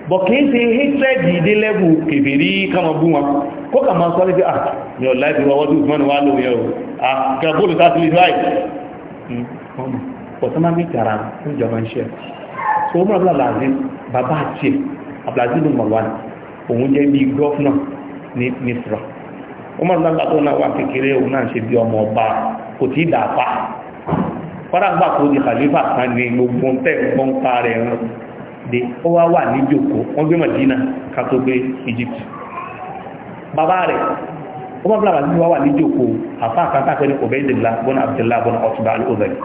bọ̀ kìí ṣe hatred ìdí lẹ́bù kèfèrí kama bú wọn kó kà máa sọ ní pé à ní ọ̀lá ìbí wọ́n tó ìsúnmọ́ni wá lóòyẹ o à kẹbọ́ọ̀lù sáà sílẹ̀ láì ọmọ pọ̀tọ́mọ́ mi tààrà ń jọba ń ṣe so ó mọ̀ lọ́la àzí bàbá àti ẹ̀ abdulaziz bin marwan òun jẹ́ bí gọ́fúnà ní misra umar náà gbàtọ́ náà wà kékeré òun náà ṣe bí ọmọ ọba kò tí ì dà pa kọ́dà gbà di khalifa kan ní gbogbo tẹ̀ gbọ́n pa rẹ̀ de ó wá wà ní jòkó wọ́n gbé madina ká gbé egypt bàbá rẹ̀ ó bá bàbá tí wọ́n wà ní jòkó àfa àkàtàkẹ́ ní obedela bọ́nà abdullah bọ́nà ọ̀túnba alóòzẹ̀rẹ̀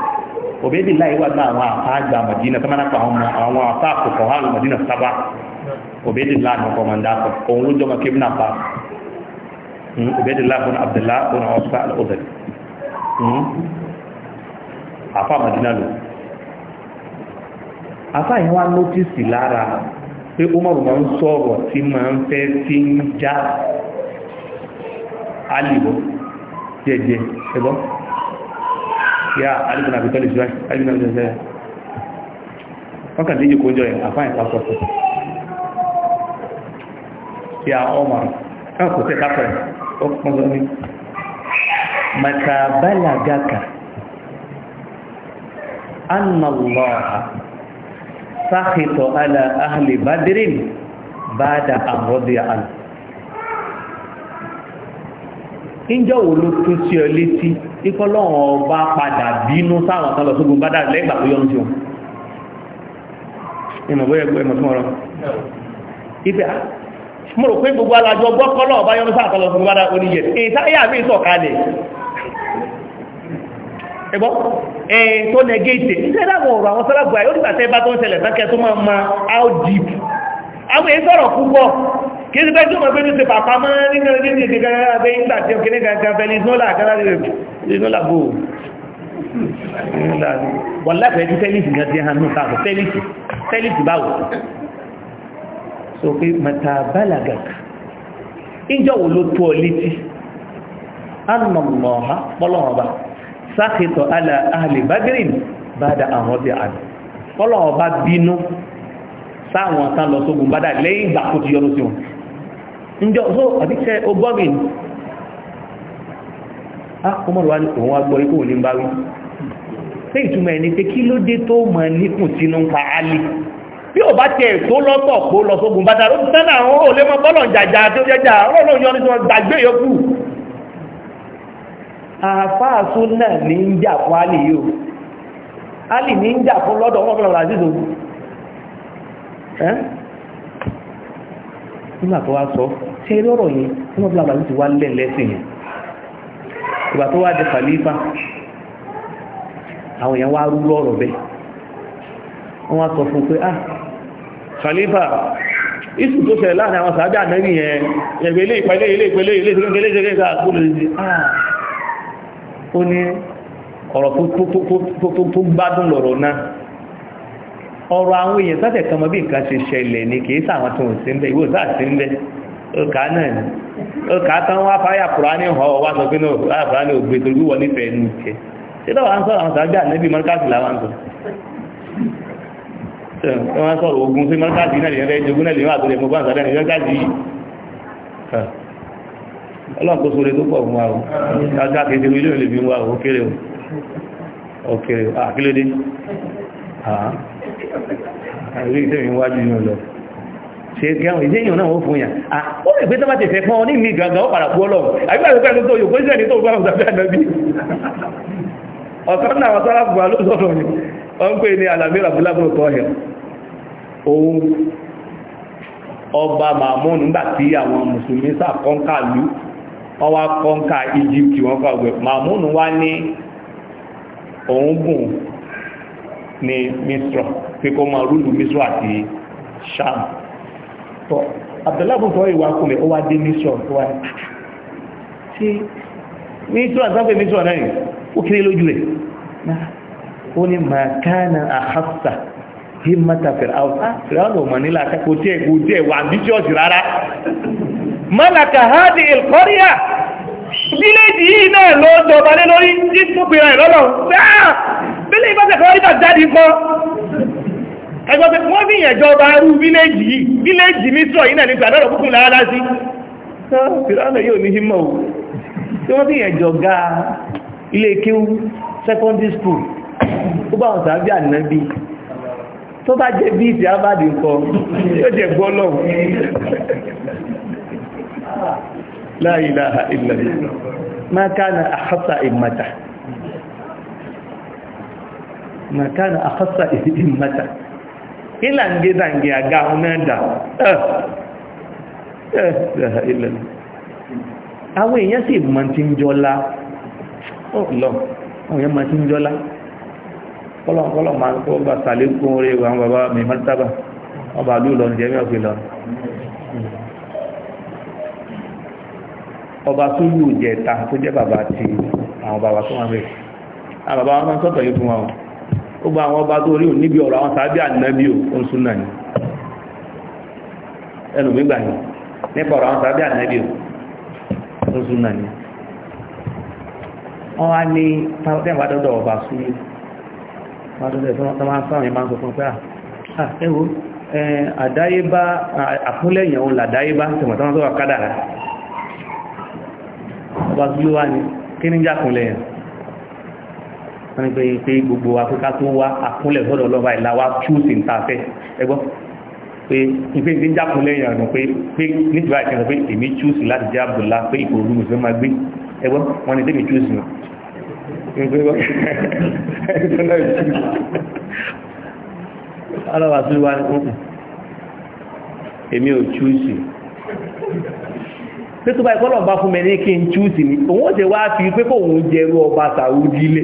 obedela yìí wà ní àwọn àfa àgbà madina tó máa ń pa àwọn àfa àkókò hàn madina sábà Ubaydillah ní kọmọ̀ndá kan òun ló jọmọ hmm, kébìnà pa Ubaydillah fún Abdullah fún ọ̀fà al-Uzali àfà hmm. Madina lò àfà yẹn wa nótìsì lara pé Umar máa ń sọ̀rọ̀ tí máa ń fẹ́ tí ń já alìwọ́ jẹjẹ ẹgbọ́ ya alìbùn àbítọ́lì síwájú alìbùn àbítọ́lì síwájú wọ́n ya Umar an kò sí kápẹ́ ó kún ala ahli bada àmọ́dé àlù ìjọ wo ló tún sí ọ létí ìkọlọ́wọ́n ọba padà bínú mo rò pé gbogbo alájọ gbọ́kọ́lọ̀ ọba yọ́nú sáà tọ́lọ fún gbádá oníyẹ̀ ìsáyà mi sọ̀kalẹ̀ ẹgbọ́ ẹ̀yìn tó nẹgẹ́tẹ̀ ìṣẹ́dàgbọ̀n ọ̀rọ̀ àwọn sọ́lọ́gbà yóò nígbà tẹ́ bá tó ń ṣẹlẹ̀ sákẹ́ tó máa ma how deep àwọn èyí sọ̀rọ̀ púpọ̀ kí ẹsẹ̀ bẹ́ẹ̀ tó mọ̀ pé ní ṣe pàpá mọ́ nínú ẹgbẹ́ ní ìdíkan abẹ́ ìgbà tí òkè ní gangan fẹ́ ní snola kára rẹ̀ snola bò wọ́n láfẹ̀ẹ́ tí tẹ́lifì náà ti sọ pé mata balagak ìjọ wo ló tó ọ létí anamọ̀ha sáàkìtọ̀ ala ahli bagrin bada àwọn ọdẹ àná pọ́lọ́ọ̀ba bínú sáwọn tán lọ sógun bada lẹ́yìn ìgbà kó ti yọrù wọn ìjọ so àbíṣẹ́ ogbọ́mìn ah, a kọmọ̀rọ̀ wá ní òun agbọ́ ikú bá pé ẹni pé kí ló dé tó mọ̀ nípùn sínú bí ò bá tiẹ̀ tó lọ́tọ̀ kó lọ sógun bàtà ló ti àwọn mọ́ bọ́lọ̀ jàjà tó jẹjà ọlọ́run yọ ní gbàgbé yòókù náà ní ń jà fún alì yóò alì ní ń jà fún lọ́dọ̀ wọn sọ ṣe eré ọ̀rọ̀ yìí lẹ́sìn yẹn ìgbà tó wá wọ́n sọ fún pé ah khalifa isu tó ṣẹlẹ̀ láàrin àwọn sàájá àmẹ́rin yẹn ẹgbẹ̀ ilé ìpẹ́lẹ̀ ilé ìpẹ́lẹ̀ ilé ìpẹ́lẹ̀ ilé ìpẹ́lẹ̀ ìgbàgbọ́lẹ̀ ìdí ah ó ní ọ̀rọ̀ tó gbádùn lọ̀rọ̀ náà ọ̀rọ̀ àwọn èèyàn sátẹ̀ kan mọ́ bí nǹkan ṣe ṣẹlẹ̀ ní kìí sàwọn tó ń sí ń bẹ́ ìwò sáà sí ń bẹ́ ọkà náà ni ọkà tán wá fáyà kùránì hàn ọ wá sọ pé náà fáyà ah, kùránì ògbé torí wọ́n nífẹ̀ẹ́ nù jẹ́ ṣé lọ́wọ́ à ń sọ̀rọ̀ àwọn sàájá níbi mọ́ríkàsì làwọn sọ̀rọ̀ ẹ sọ̀rọ̀ ogun sí mọ́tàdì náà náà lèyàn àtọ́lẹ̀ mọ́ gbọ́n sàdá ọlọ́pọ̀ tó pọ̀ fún wa o gáàjá kìí ilé ìlú wa o kéré o ọkèrè ìdíyàn náà ó fún ó tó bá ti fẹ́ fún ọ ní ìmì ó kú òun ọba mahmoud nígbàtí àwọn mùsùlùmí sà kọ́ńkà lú wọ́n wá kọ́ńkà egypt wọ́n kọ́ ọgbẹ̀ mahmoud wá ní òun gùn ní misra pé kó máa rúlù misra àti sham tó abdullabutọ́ ìwà kúnlẹ̀ ó wá dé misra tó wá sí misra sáfẹ́ misra náà ó kéré lójú rẹ̀ ó ní màkánà àhásà kí mọ́ta fìràwọ̀ fìràwọ̀ lọ́mọ nílà kò tí ẹ̀kò tí ẹ̀wà ambitious rárá mọ́làkà hádì ìlkọ́ríà bíléèdì yìí náà ló dọ̀bà lé lórí tí tó pèrà ìrọ́lọ̀ ah, bíléèdì bá tẹ̀kọ́ rí tàjáde kọ́ ẹgbọ́n pé wọ́n fi ìyẹ̀jọ ọba rú bíléèdì yìí bíléèdì mísọ̀ yìí náà ní gbàdọ̀rọ̀ kúkún lára sí ah, fìràwọ̀ yóò ní hímọ̀ o tí wọ́n fi ìyẹ̀jọ school ó bá wọn tó bá jẹ́ bí ìdí abáàdì nǹkan tó jẹ́ gbọ́ lọ́wọ́ la ilaha illallah ma kana akhassa immata ma kana akhassa immata ila nge dange aga onada eh eh la ilaha illallah àwọn èèyàn sì mọ̀ tí ń jọlá oh, kọ́lọ̀kọ́lọ̀ máa kó bá sàlékún orí wọn bàbá mi mọ́tàbà wọn bá lù lọ ní jẹ́mi ọ̀gbìn lọ. ọba tó lù jẹta tó jẹ́ bàbá ti àwọn bàbá tó wà bẹ́ẹ̀ àwọn bàbá wọn máa ń sọ̀tọ̀ yìí fún wọn ó gba àwọn ọba tó rí òun níbi ọ̀rọ̀ àwọn sàábì ànábì ò ń sún náà ni ẹnu mi gbà yìí nípa ọ̀rọ̀ àwọn sàábì ànábì ò ń sún náà ni wọ́n á ní táwọn tẹ́wàá dọ́dọ̀ ọba súnmọ́ Ah, ah, àdáyébá àkúnlẹ̀yàn òun làdáyébá tẹ̀mọ̀tán tó wà kádàrà ọba tí ó wá ní kí ní jákùnlẹ̀yàn wọ́n ni pé pé gbogbo afẹ́ká tó wá àkúnlẹ̀ sọ́dọ̀ lọ́wọ́ ìlàwà chúùsì ń tafẹ́ ẹgbọ́ pé ìfẹ́ ní jákùnlẹ̀yàn nù pé nítorí àìsàn pé èmi chúùsì láti jẹ́ àbùlá pé ìkòrò ọlọ́wà tí wá ní èmi ò chúùsì pé tó bá ìkọ́lọ̀ bá fún mẹ́rin kí n chúùsì ní òun ó ṣe wá fi pé kò òun jẹrú ọba sàúdí ilé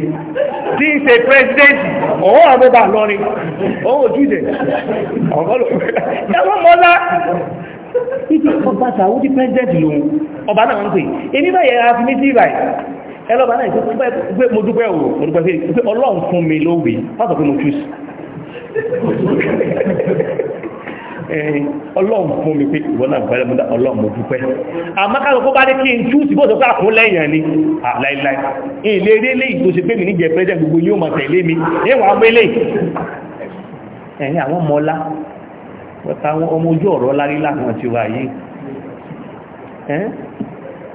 tí ń ṣe president ọwọ́ àbúbà lọ́rin òun ò chúùsì ọ̀gọ́lọ̀ ọba sàúdí president lòun ọba náà ń pè èmi báyẹ̀ ẹlọ́ba náà ìpé pé mo dúpẹ́ òwò mo dúpẹ́ pé ọlọ́run fún mi lówe pásọ̀ pé mo choose ọlọ́run fún mi pé ìwọ náà gbẹ́lẹ́ múdá ọlọ́run mo dúpẹ́ àmákàlù kó bá dé kí n choose bó tó káàkó lẹ́yìn ni àláìláì ilé eré lè tó ṣe pé mi níjẹ pẹ́jẹ́ gbogbo yóò máa tẹ̀lé mi níwọ̀n abẹ́lé ẹ̀yìn àwọn mọ́lá ọmọ ojú ọ̀rọ̀ lárí láàrín àti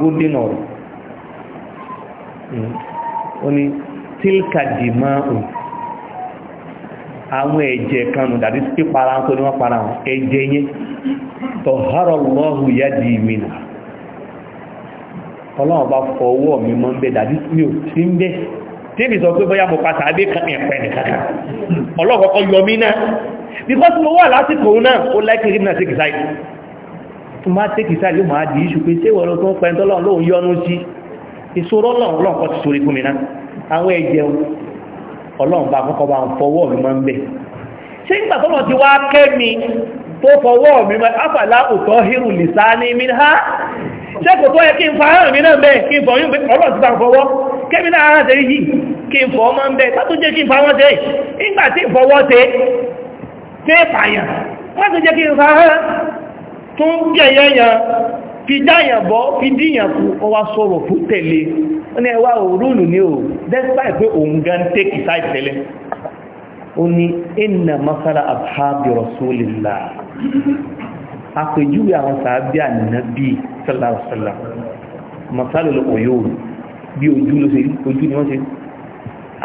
golden ọ̀rọ̀ hmm. ó ní tílkàdìmá àwọn ẹ̀jẹ̀ kanu dàbí sí para ń kó para wọn ẹ̀jẹ̀ yẹn tọ̀hárọ̀ lọ́hùn yá di ìmìnà ọlọ́run bá fọwọ́ mi mọ́ ń bẹ́ dàbí mi ò sí ń bẹ́ tébì sọ pé bóyá mo pàtà abé kan náà tó máa tẹ́kì sáàlì máa dì í ṣùgbé tí ìwọ̀n tó ń pẹ́ tọ́lọ́ lóun yọnu sí ìṣòro ọlọ́run lọ́nkọ́ ti sórí fún mi náà àwọn ẹ̀jẹ̀ ọlọ́run bá kọ́kọ́ bá ń fọwọ́ mi máa ń bẹ̀ ṣé nígbà tọ́lọ́ ti wá kẹ́ mi tó fọwọ́ mi máa áfàlá òtọ́ hírù lìsá ní mi ha ṣé kò tó yẹ kí n fa hàn mi náà bẹ̀ kí n fọ yín ọlọ́run ti bá ń fọwọ́ kẹ́mi náà ara ṣe yìí kí n fọ ọmọ ń bẹ̀ tó jẹ́ kí n fa wọ́n ṣe nígbà tí ìfọwọ́ ṣe ṣé pààyàn wọ́n ti jẹ́ kí n fa hàn tó ń gẹ̀yẹ́ yẹn fi dáyàn bọ́ fi díyàn kú ó wá sọ̀rọ̀ fún tẹ̀lé ó ní ẹwà òrùlù ní o despite pé òun gan take side tẹ́lẹ̀ ó ní inna masala abhabi rasulillah àpèjúwe àwọn sàábí ànábì sallallahu alaihi wasallam masala lọ́pọ̀ bí ojú ló ṣe ojú ni wọ́n ṣe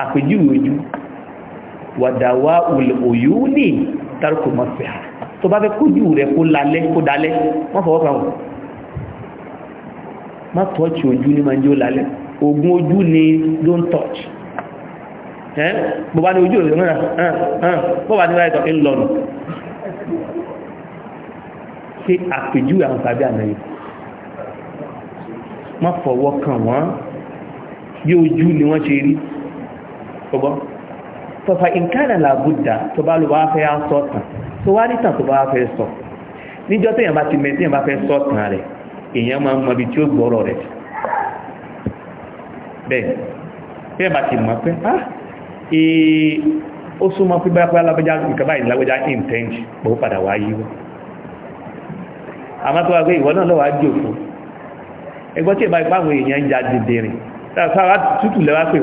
àpèjúwe ojú wàdàwà òyú tó bá fẹ́ kójú rẹ̀ kó lalẹ́ kó dalẹ́ wọ́n fọwọ́ kan wọ́n má tọ́ọ̀tì ojú ní ma ń jẹ́ ó oògùn ojú ni don't touch ẹ́ bó bá ní ojú rẹ̀ náà hàn bó bá ní láì tọ́ ń lọ́nà ṣe àpèjúwe àwọn tàbí ànáyè má fọwọ́ kan wọ́n bí ojú ni wọ́n ṣe rí ọgbọ́n tọ́fà ìkánà làbúdà tó bá lọ bá fẹ́ á sọ́tàn tó wá nítàn tó bá fẹ́ sọ níjọ́ téèyàn bá ti mẹ́ téèyàn bá fẹ́ sọ tàn rẹ̀ èèyàn máa ń mọ ibi tí ó gbọ́rọ̀ rẹ̀ bẹ́ẹ̀ téèyàn bá ti mọ̀ pé ah ee eh, ó súnmọ́ pé bá pẹ́ alábẹ́já nǹkan báyìí lágbẹ́já intent pọ̀ padà wá yí wọ́n àmọ́ tó wá pé ìwọ náà lọ́wọ́ á jòkó ẹgbọ́n tí ìbá ipá àwọn èèyàn ń ja dìde rìn tàbí tútù lẹ́wà pè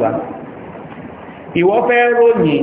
wá fẹ́ ròyìn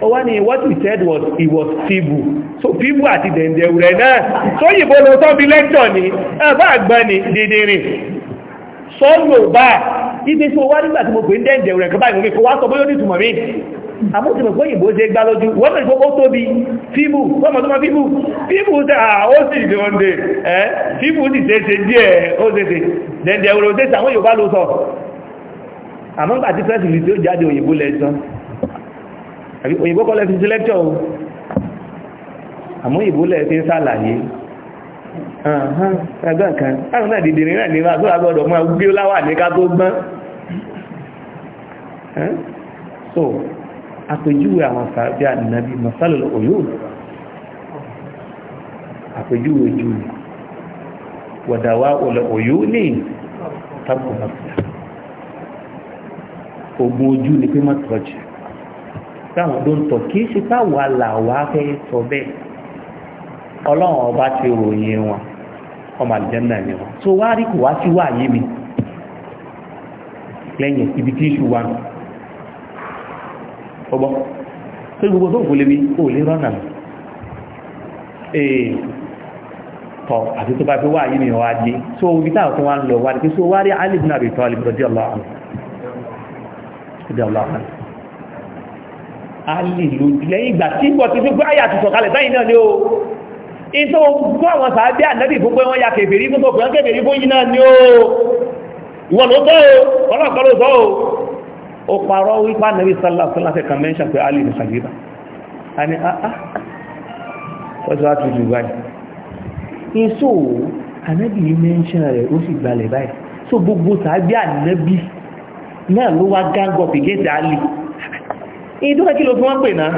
ọwá ni what we said was he was feeble so feeble àti dẹ̀ndẹ̀ rẹ̀ náà tó yìnbó lọ tọ́bi lẹ́jọ́ ni ẹ̀bá àgbà ni dìdìrìn sọ́lọ̀ bá ibi tí ó wá nígbà tí mo pè ń dẹ̀ndẹ̀ rẹ̀ kọba ìwọ̀n mi kò wá sọ bóyọ́ ní ìtumọ̀ mi àmọ́ tí mo pé òyìnbó ṣe gbá lójú wọ́n mọ̀ ìfowó tóbi fíìmù wọ́n mọ̀ tó mọ̀ fíìmù fíìmù ṣe àó sì ṣe wọ́n dé ẹ́ fíìmù sì ṣe ṣe díẹ̀ ó ṣe ṣe dẹ̀ndẹ̀ rẹ̀ ó ṣe ṣe àwọn Yorùbá ló sọ àmọ́ nígbà tí àbí òyìnbó kọ́ lẹ́fi sí lẹ́kítọ̀ o àmọ́ òyìnbó lẹ́fi ń sàlàyé ẹgbẹ́ nǹkan láti náà dìde nínú ẹ̀ní máa tó àgbọ̀dọ̀ máa ní ká tó so àpèjúwe àwọn sàábí ànàbí masalul oyún àpèjúwe ojú wàdàwà olè oyún ní tàbí ogun ojú ni pé má tọ́jú sáwọn ló ń tọ̀ kì í ṣe táwa là wá fẹ́ sọ bẹ́ẹ̀ ọlọ́run ọba ti ròyìn wọn ọmọ àlìjẹ́nà ni wọn so wá rí kò wá sí wáyé mi lẹ́yìn ibi tí ìṣù wà nù ọgbọ́n tó gbogbo tó gbogbo lébi ó lè rọ́nà mi ee tọ́ àti tó bá fi wáyé mi wá dé so ibi táwọn tó wá ń lọ wá rí pé so wá rí Ali ibn Abi Talib radiyallahu anhu radiyallahu anhu a lè lò lẹ́yìn ìgbà tí gbọ́ ti fi gbọ́ àyà ti sọ̀kalẹ̀ báyìí náà ni ó ìtò fún àwọn sàábé ànábì fún pé wọ́n ya kèfèrí fún tòkùnrin kèfèrí fún yìí náà ni ó ìwọ̀n ló tọ́ o ọlọ́pàá ló sọ o ó parọ́ wípá ànábì sálàsálà fẹ́ kàn mẹ́ńṣà pé alì ní kàlíbà a ní àá ah, ah. wọ́n ti wá tutù báyìí ìṣó ànábì yìí mẹ́ńṣà rẹ̀ ó sì gbalẹ̀ báyìí so gbogbo sàábé ànábì náà ló wá gángọ̀ pìgẹ́tì alì èyí tó fẹ́ kí ló fi wọ́n pè náà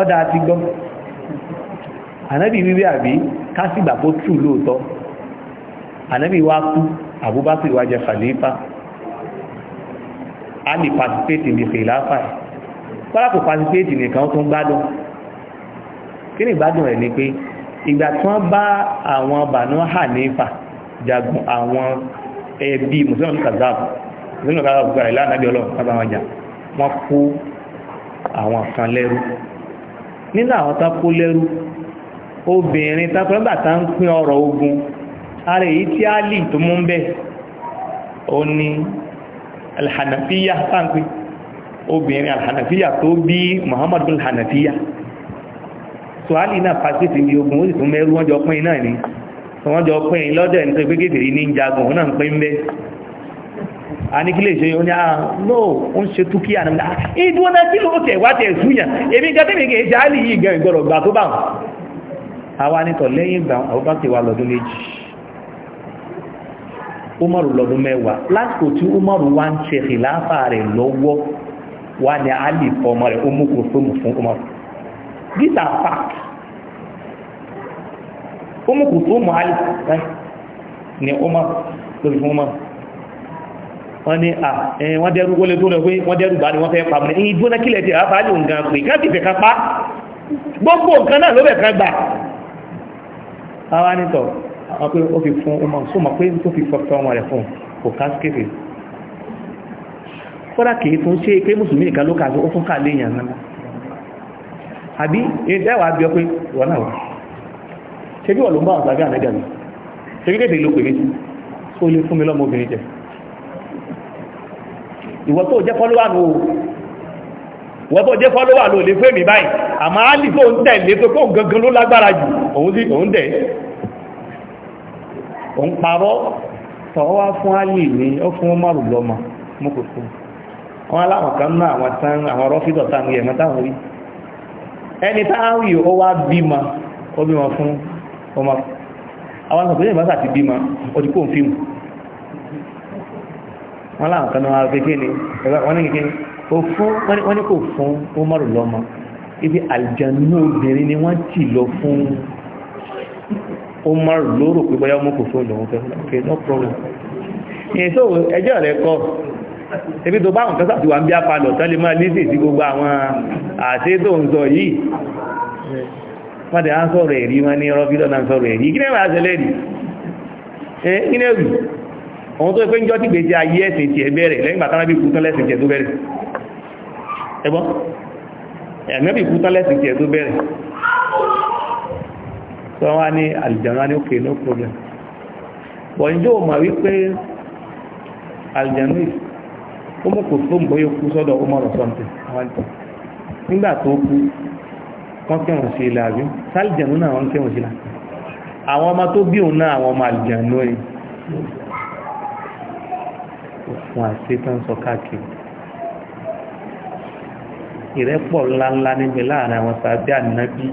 ọ̀dà àti gbọ́ ànábì wíwí àbí kásìgbà kó tù lóòótọ́ ànábì wá kú Abubakar wá jẹ khalifa a lè participate in the khilafa ẹ̀ kọ́lá kò participate nìkan tó ń gbádùn kí ni ìgbádùn rẹ̀ ni pé ìgbà tí wọ́n bá àwọn Banu Hanifa jagun àwọn ẹbí mùsùlùmí kazab mùsùlùmí kazab gbàrẹ̀ lánàbí ọlọ́run tábà wọn jà wọ́n kó àwọn kan lẹ́rú nínú àwọn tán kó lẹ́rú obìnrin tán ń ọrọ̀ ogun ara èyí tí a lì tó mú ń bẹ́ ó ní alhànàfíyà sáńpé obìnrin alhànàfíyà tó bí muhammadu alhànàfíyà tòhálì náà pàṣẹ́sì ní ogun ó sì tún mẹ́rú wọ́n jọ pín náà ni wọ́n jọ pín lọ́dọ̀ ẹni tó a ní kí lè ṣe oní àrùn ah, no ó ń ṣe túkíyà náà ìdúnà kí ló tẹ̀ wá tẹ̀ súyàn èmi gẹ́gẹ́ kìí ṣe áàlì yìí gẹ̀rẹ̀ gbọ́rọ̀ gbà tó bá wọn àwa nítọ̀ lẹ́yìn ìgbà ọba ti wà lọ́dún méjì umaru lọ́dún last lásìkò tí umaru wá ń ṣe ìlàáfà rẹ̀ lọ́wọ́ wá ní áàlì ọmọ rẹ̀ ó mú kò fóònù fún umaru these are facts ó mú kò fóònù áàlì ni umaru lórí fún umaru wọ́n ní à ah, ẹ̀yìn wọ́n dẹ́rù wọlé tó lọ pé wọ́n dẹ́rù bá ní wọ́n fẹ́ pa mọ́ ẹ̀yìn ìdúnà kílẹ̀ tí a bá lè nǹkan pè káàkiri fẹ́ kan pa gbogbo nǹkan náà ló bẹ̀ kan gbà àwa nítọ̀ àwọn pé ó fi fún ọmọ súnmọ̀ pé tó fi fọ́fẹ́ ọmọ rẹ̀ fún kò káàkiri fọ́dà kìí fún ṣe pé mùsùlùmí nìkan ló kàṣe ó fún bí ọ pé wọ́n náà wà ṣe bí wọ́n ló ń bá ọ̀sán bí àmẹ́gàmì ṣe bí kéde ló pè mí ó lè fún mi lọ́mọ ìwọ tó jẹ́ fọ́lọ́wà ló ìwọ tó jẹ́ fọ́lọ́wà ló lè fẹ́mi báyìí àmọ́ alì tó ń tẹ̀lé tó kó gangan ló lágbára jù òun sí òun tẹ̀ òun parọ́ tọ́wọ́ wá fún alì ní ó fún Umaru lọ́mọ mú kò fún wọn aláwọ̀ kan náà àwọn tán àwọn rọ́fíìtọ̀ táwọn yẹ̀mọ́ táwọn rí ẹni táwọn yìí ó wá bímọ ó bímọ fún Umaru àwọn sọ̀tún yẹ̀mọ́ sàti wọn láwọn kan náà fi kíni wọn ní kíni o fún wọn ní kò fún Umaru lọ́mọ ibi àlìjànnú obìnrin ni wọ́n tì lọ fún Umaru lórò pé bóyá ọmọ kò fún lòun fẹ́ okay no problem ìyẹn tó ẹjọ́ rẹ kọ́ ebi tó bá àwọn kan sáàtì wà ń bí apalọ̀ tán lè máa lísì sí gbogbo àwọn àtẹ́tò ń sọ yìí wọ́n dẹ̀ á ń sọ̀rọ̀ ẹ̀rí wọn àwọn tó pé ń jọ́ tìgbè jẹ́ ayé ẹ̀sìn ti ẹ̀bẹ̀rẹ̀ lẹ́yìn bàtà náà bí kú tán lẹ́sìn ti ẹ̀ tó bẹ̀rẹ̀ ẹgbọ́n ẹ̀mẹ́ bí kú tán lẹ́sìn ti tó bẹ̀rẹ̀ tó wá ní àlìjàmá ní òkè no problem bọ̀ ń jọ mà wípé àlìjàmá ó mú kò tó mọ́ yóò kú sọ́dọ̀ ó mọ̀rọ̀ sọ́ntẹ̀ nígbà tó kú wọ́n kẹ́wọ̀n sí ilẹ̀ àbí sálìjàmá náà wọ́n kẹ́wọ̀n àwọn ọmọ tó bí òun náà àwọn ọmọ àlìjàmá ni òfin àti tó ń sọ káàkiri ìrẹ́pọ̀ ńláńlá níbẹ̀ láàrin àwọn sàbí ànábì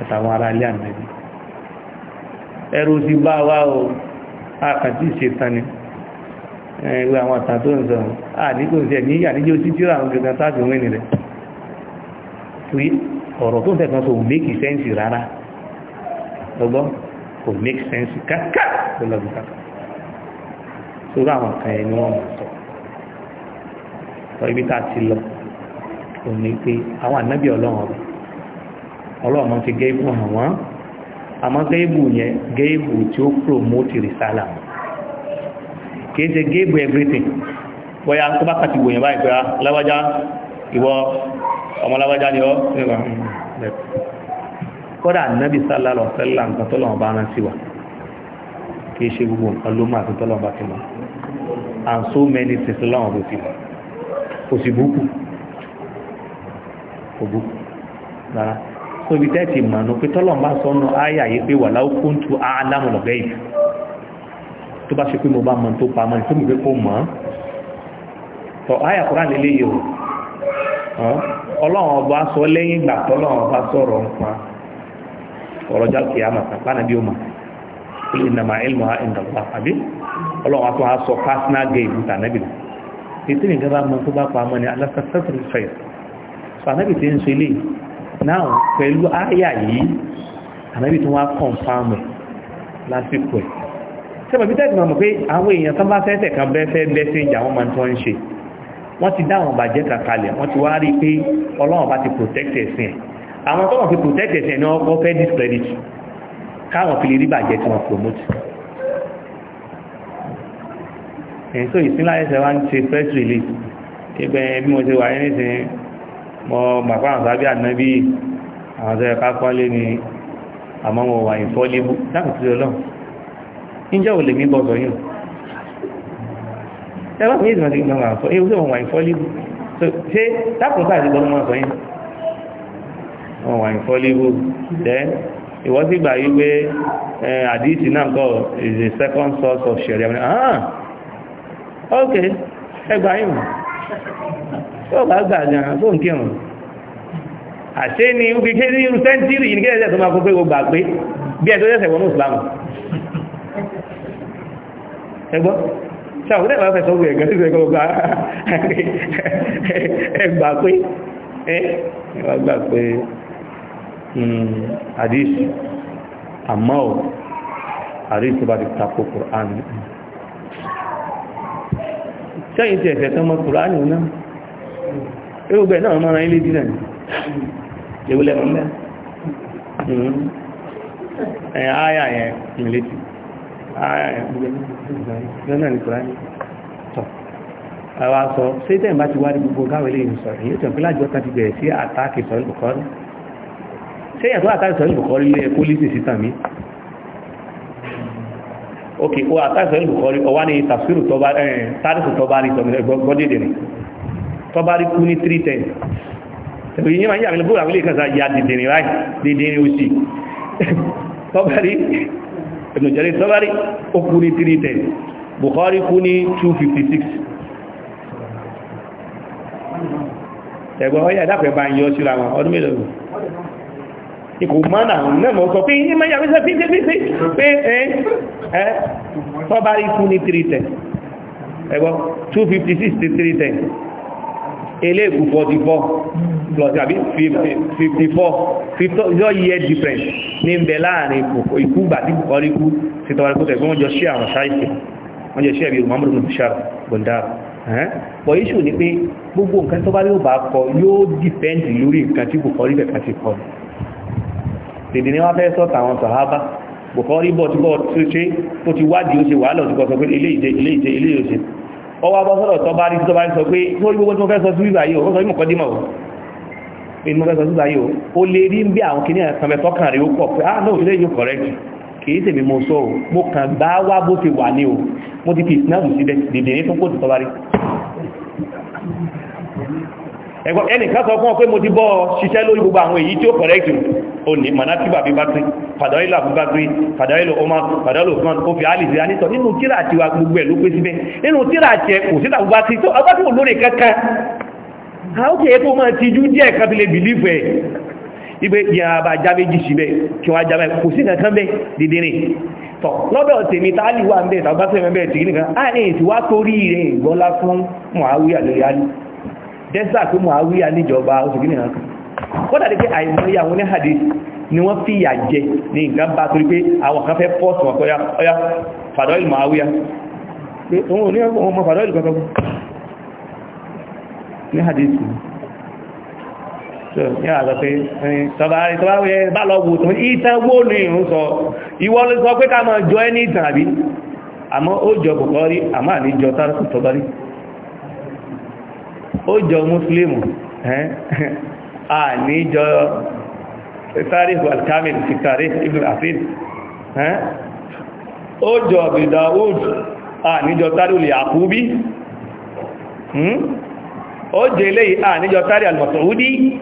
àtàwọn ará ilé ànábì ẹrù ti bá wá o àkàtì ìṣètàn ni ẹgbẹ́ àwọn àtà tó ń sọ àdíkò sí ẹ̀mí àdíjẹ́ ojú tí àwọn gẹ̀gẹ̀ sáàbì wọn ni rẹ̀ torí ọ̀rọ̀ tó ń tẹ̀kan tó make sense rárá ọgbọ́n kò make sense kàkà tó lọ́gbọ̀n kàkà irú àwọn kan yẹn ni wọ́n mọ̀ sọ sọ ibi tá a ti lọ òun ni pé àwọn ànábì ọlọ́run ọba ọlọ́run máa ń fi hàn wọ́n àmọ́ géèbù yẹn géèbù tí ó promote rìsálà kìí ṣe géèbù everything bóyá tó bá kàtìgbò yẹn báyìí pé ah, láwájá ìwọ ọmọ láwájá ni ọ́ kọ́dà ànábì sálà lọ sẹ́lá nǹkan tọ́lọ́run bá rán sí wa kìí ṣe gbogbo nǹkan ló máa fi tọ́lọ́run bá ti mọ̀ and so many things láwọn ọ̀dọ̀ sí kò sì búkú kò búkú rárá tó ibi tẹ́ẹ̀tì mànú pé tọ́lọ̀ bá sọ́nà áyà yìí pé wà láwùkú ń tu áàlámù lọ́gẹ́ yìí tó bá ṣe pé mo bá mọ tó pa mọ́ ìfẹ́ mi pé kò mọ́ tọ́ áyà kúrò nílé yìí o ọlọ́run ọba sọ lẹ́yìn ìgbà tọ́lọ́run ọba sọ̀rọ̀ nípa ọ̀rọ̀ jákèá màtàpá nàbí ó mà ìnàmà ilmọ̀ àìndàgbà àbí ọlọ́run àtún àá sọ personal gain with anabi náà ètò ìgbà bá mọ tó bá pa mọ́ ni alasasasiri so anabi ti ń sọ eléyìí náà pẹ̀lú àyà yìí anabi tó wá confam ẹ̀ lásìkò ẹ̀ sẹ́pà bí tẹ́tì máa mọ̀ pé àwọn èèyàn tán bá fẹ́ẹ̀tẹ̀ kan bẹ́ẹ̀ fẹ́ bẹ́sẹ̀ ìjà wọn máa ń tọ́ ń ṣe wọ́n ti dá àwọn bàjẹ́ kàkalẹ̀ wọ́n promote èyí tó ìsínláyẹsẹ̀ wá ń ṣe press release ibẹ̀ bí mo ṣe wà ní ìsìn mọ bàbá àwọn sábẹ́ ànábì àwọn sẹ́yẹ ká pọ́nlé ni àmọ́ mo wà ní fọ́lébù láti ti lọ́lọ́ níjẹ́ ò lè mí bọ́ sọ yìí ẹ bá fi yéèdì mọ́tí ìgbà wà fọ́ ewu tó wà ní fọ́lébù is the second source of sharia ah ok ẹgbà yìí tó bá gbà gan tó ń kírun àṣé ni ó fi ké ní irú sẹ́ńtírì yìí ní tó máa kó pé o gbà pé bí ẹ tó dẹ́sẹ̀ wọnú ìsìlámù hmm, àmọ́ ti Kùránì sẹ́yìn tí ẹ̀fẹ̀ tán mọ́ kùránì náà ẹgbẹ́ náà mọ́ra ilé dínà ìwúlẹ̀ mọ́ mẹ́ ẹ̀yà ayà yẹn ìrìnlẹ́tì ayà yẹn gbogbo náà ní kùránì tọ̀ àwọn aṣọ sétẹ̀m bá ti wá ní gbogbo káwẹ̀ lè sọ èyí tẹ̀ pílájọ́ kan ti bẹ̀rẹ̀ sí àtàkì sọ̀rọ̀ bùkọ́rí ok o àtàkùn ẹ̀rù kọ́rí ọwá ní tàfsírù tọ́ba ẹ̀ tàdísù tọ́ba ní tọ́ba gbọ́dẹ̀dẹ̀ ni tọ́ba rí kú ní 310 ẹ̀rù yìí máa ń yà mí lọ́gbọ́n àwílé kan sá ya dìdìrín ráì dìdìrín òsì tọ́ba rí ẹ̀rù jẹ́rẹ́ tọ́ba rí ó kú ní 310 Bukhari kú ní 256 ẹ̀gbọ́n ọ̀yà dápẹ́ bá ń yọ síra wọn ọdún mélòó ikò mọ́nà àwọn náà mọ́ sọ pé ní mọ́ yàwó sẹ́fí sẹ́fí sí pé ẹ́ tọ́ bá rí fún ní 310 ẹgbọ́ 256 sí 310 eléèkù 44 plus àbí 54 yọ yẹ difference ní bẹ̀ láàrin ikú gbà tí kọ́ rí kú sí tọ́wàrí kó tẹ̀gbọ́n jọ ṣí àwọn ṣáìsì wọ́n jẹ ṣí ẹ̀bí Muhammadu Bashar Bondar bọ̀ iṣu ni pé gbogbo nǹkan tó bá rí ó bá kọ yóò dìpẹ́ǹdì lórí nǹkan tí kò kọ́ rí bẹ̀ ti kọ́ tèdè ni wọ́n fẹ́ sọ́tà àwọn sàhábà bùkọ́rí bọ̀ tí bọ́ tó ṣe tó ti wádìí ó ṣe wàhálà ó ti kọ́ sọ pé ilé ìjẹ ilé ìjẹ ilé ìjẹ ọwọ́ abọ́ sọ́dọ̀ tó bá rí tó bá rí sọ pé tó rí gbogbo tí mo fẹ́ sọ sí bíbá yìí ó sọ ìmọ̀kọ́ dímọ̀ ó inú fẹ́ sọ sí ah no ilé yóò correct kìí tèmi mo sọ o mo kàn bá wá bó ti o mo ti fi ìsìnàmù síbẹ̀ dèdè ní tó kó ti tọ́bárí ẹnìkan sọ fún ọ pé mo ti bọ́ ṣiṣẹ́ lórí gbogbo àwọn èyí tí ó correct òní manatiba bí bákírí fàdáìlà bí bákírí fàdáìlò ọmọ fàdáìlò fún ó fi alìsí anítọ̀ nínú tíra àti wa gbogbo ẹ̀ ló pé síbẹ̀ nínú tíra àti ẹ̀ kò síta bákírí tó ọgbá tí ò lórí kankan àwọn kìí tó máa ti jú díẹ̀ kan fi lè bìlífù ẹ̀ ibẹ̀ yàrá já méjì síbẹ̀ kí wọ́n já mẹ́kù sí nǹkan bẹ́ dìdìrì tọ̀ lọ́dọ̀ tèmi tààlì wà ń bẹ̀ tàbátẹ̀ mẹ́bẹ̀ kódà ní pé àìmọye àwọn oníhàdé ni wọ́n fi ìyà jẹ ní nǹkan bá torí pé àwọn kan fẹ́ pọ́ọ̀sì wọn kọ́yá ọyá fàdọ́ìlì màáwíyá pé òun ò ní ọmọ fàdọ́ìlì kankan ní hadith ní àjọ pé tọba wẹ́ bá lọ wò tó ìtàn wó ní ìrún sọ ìwọ ló sọ pé ká máa jọ ẹ́ ní ìtàn àbí àmọ́ ó jọ kòkọ́ rí àmọ́ àní jọ tárùkù tọba rí ó jọ mùsùlùmù a ní jọ tàríhù alkamil ti tàríhù ibn afid ó jọ bidawud a ní jọ tàríhù yakubi hmm? ó jẹ ilé a ní jọ tàríhù almasaudi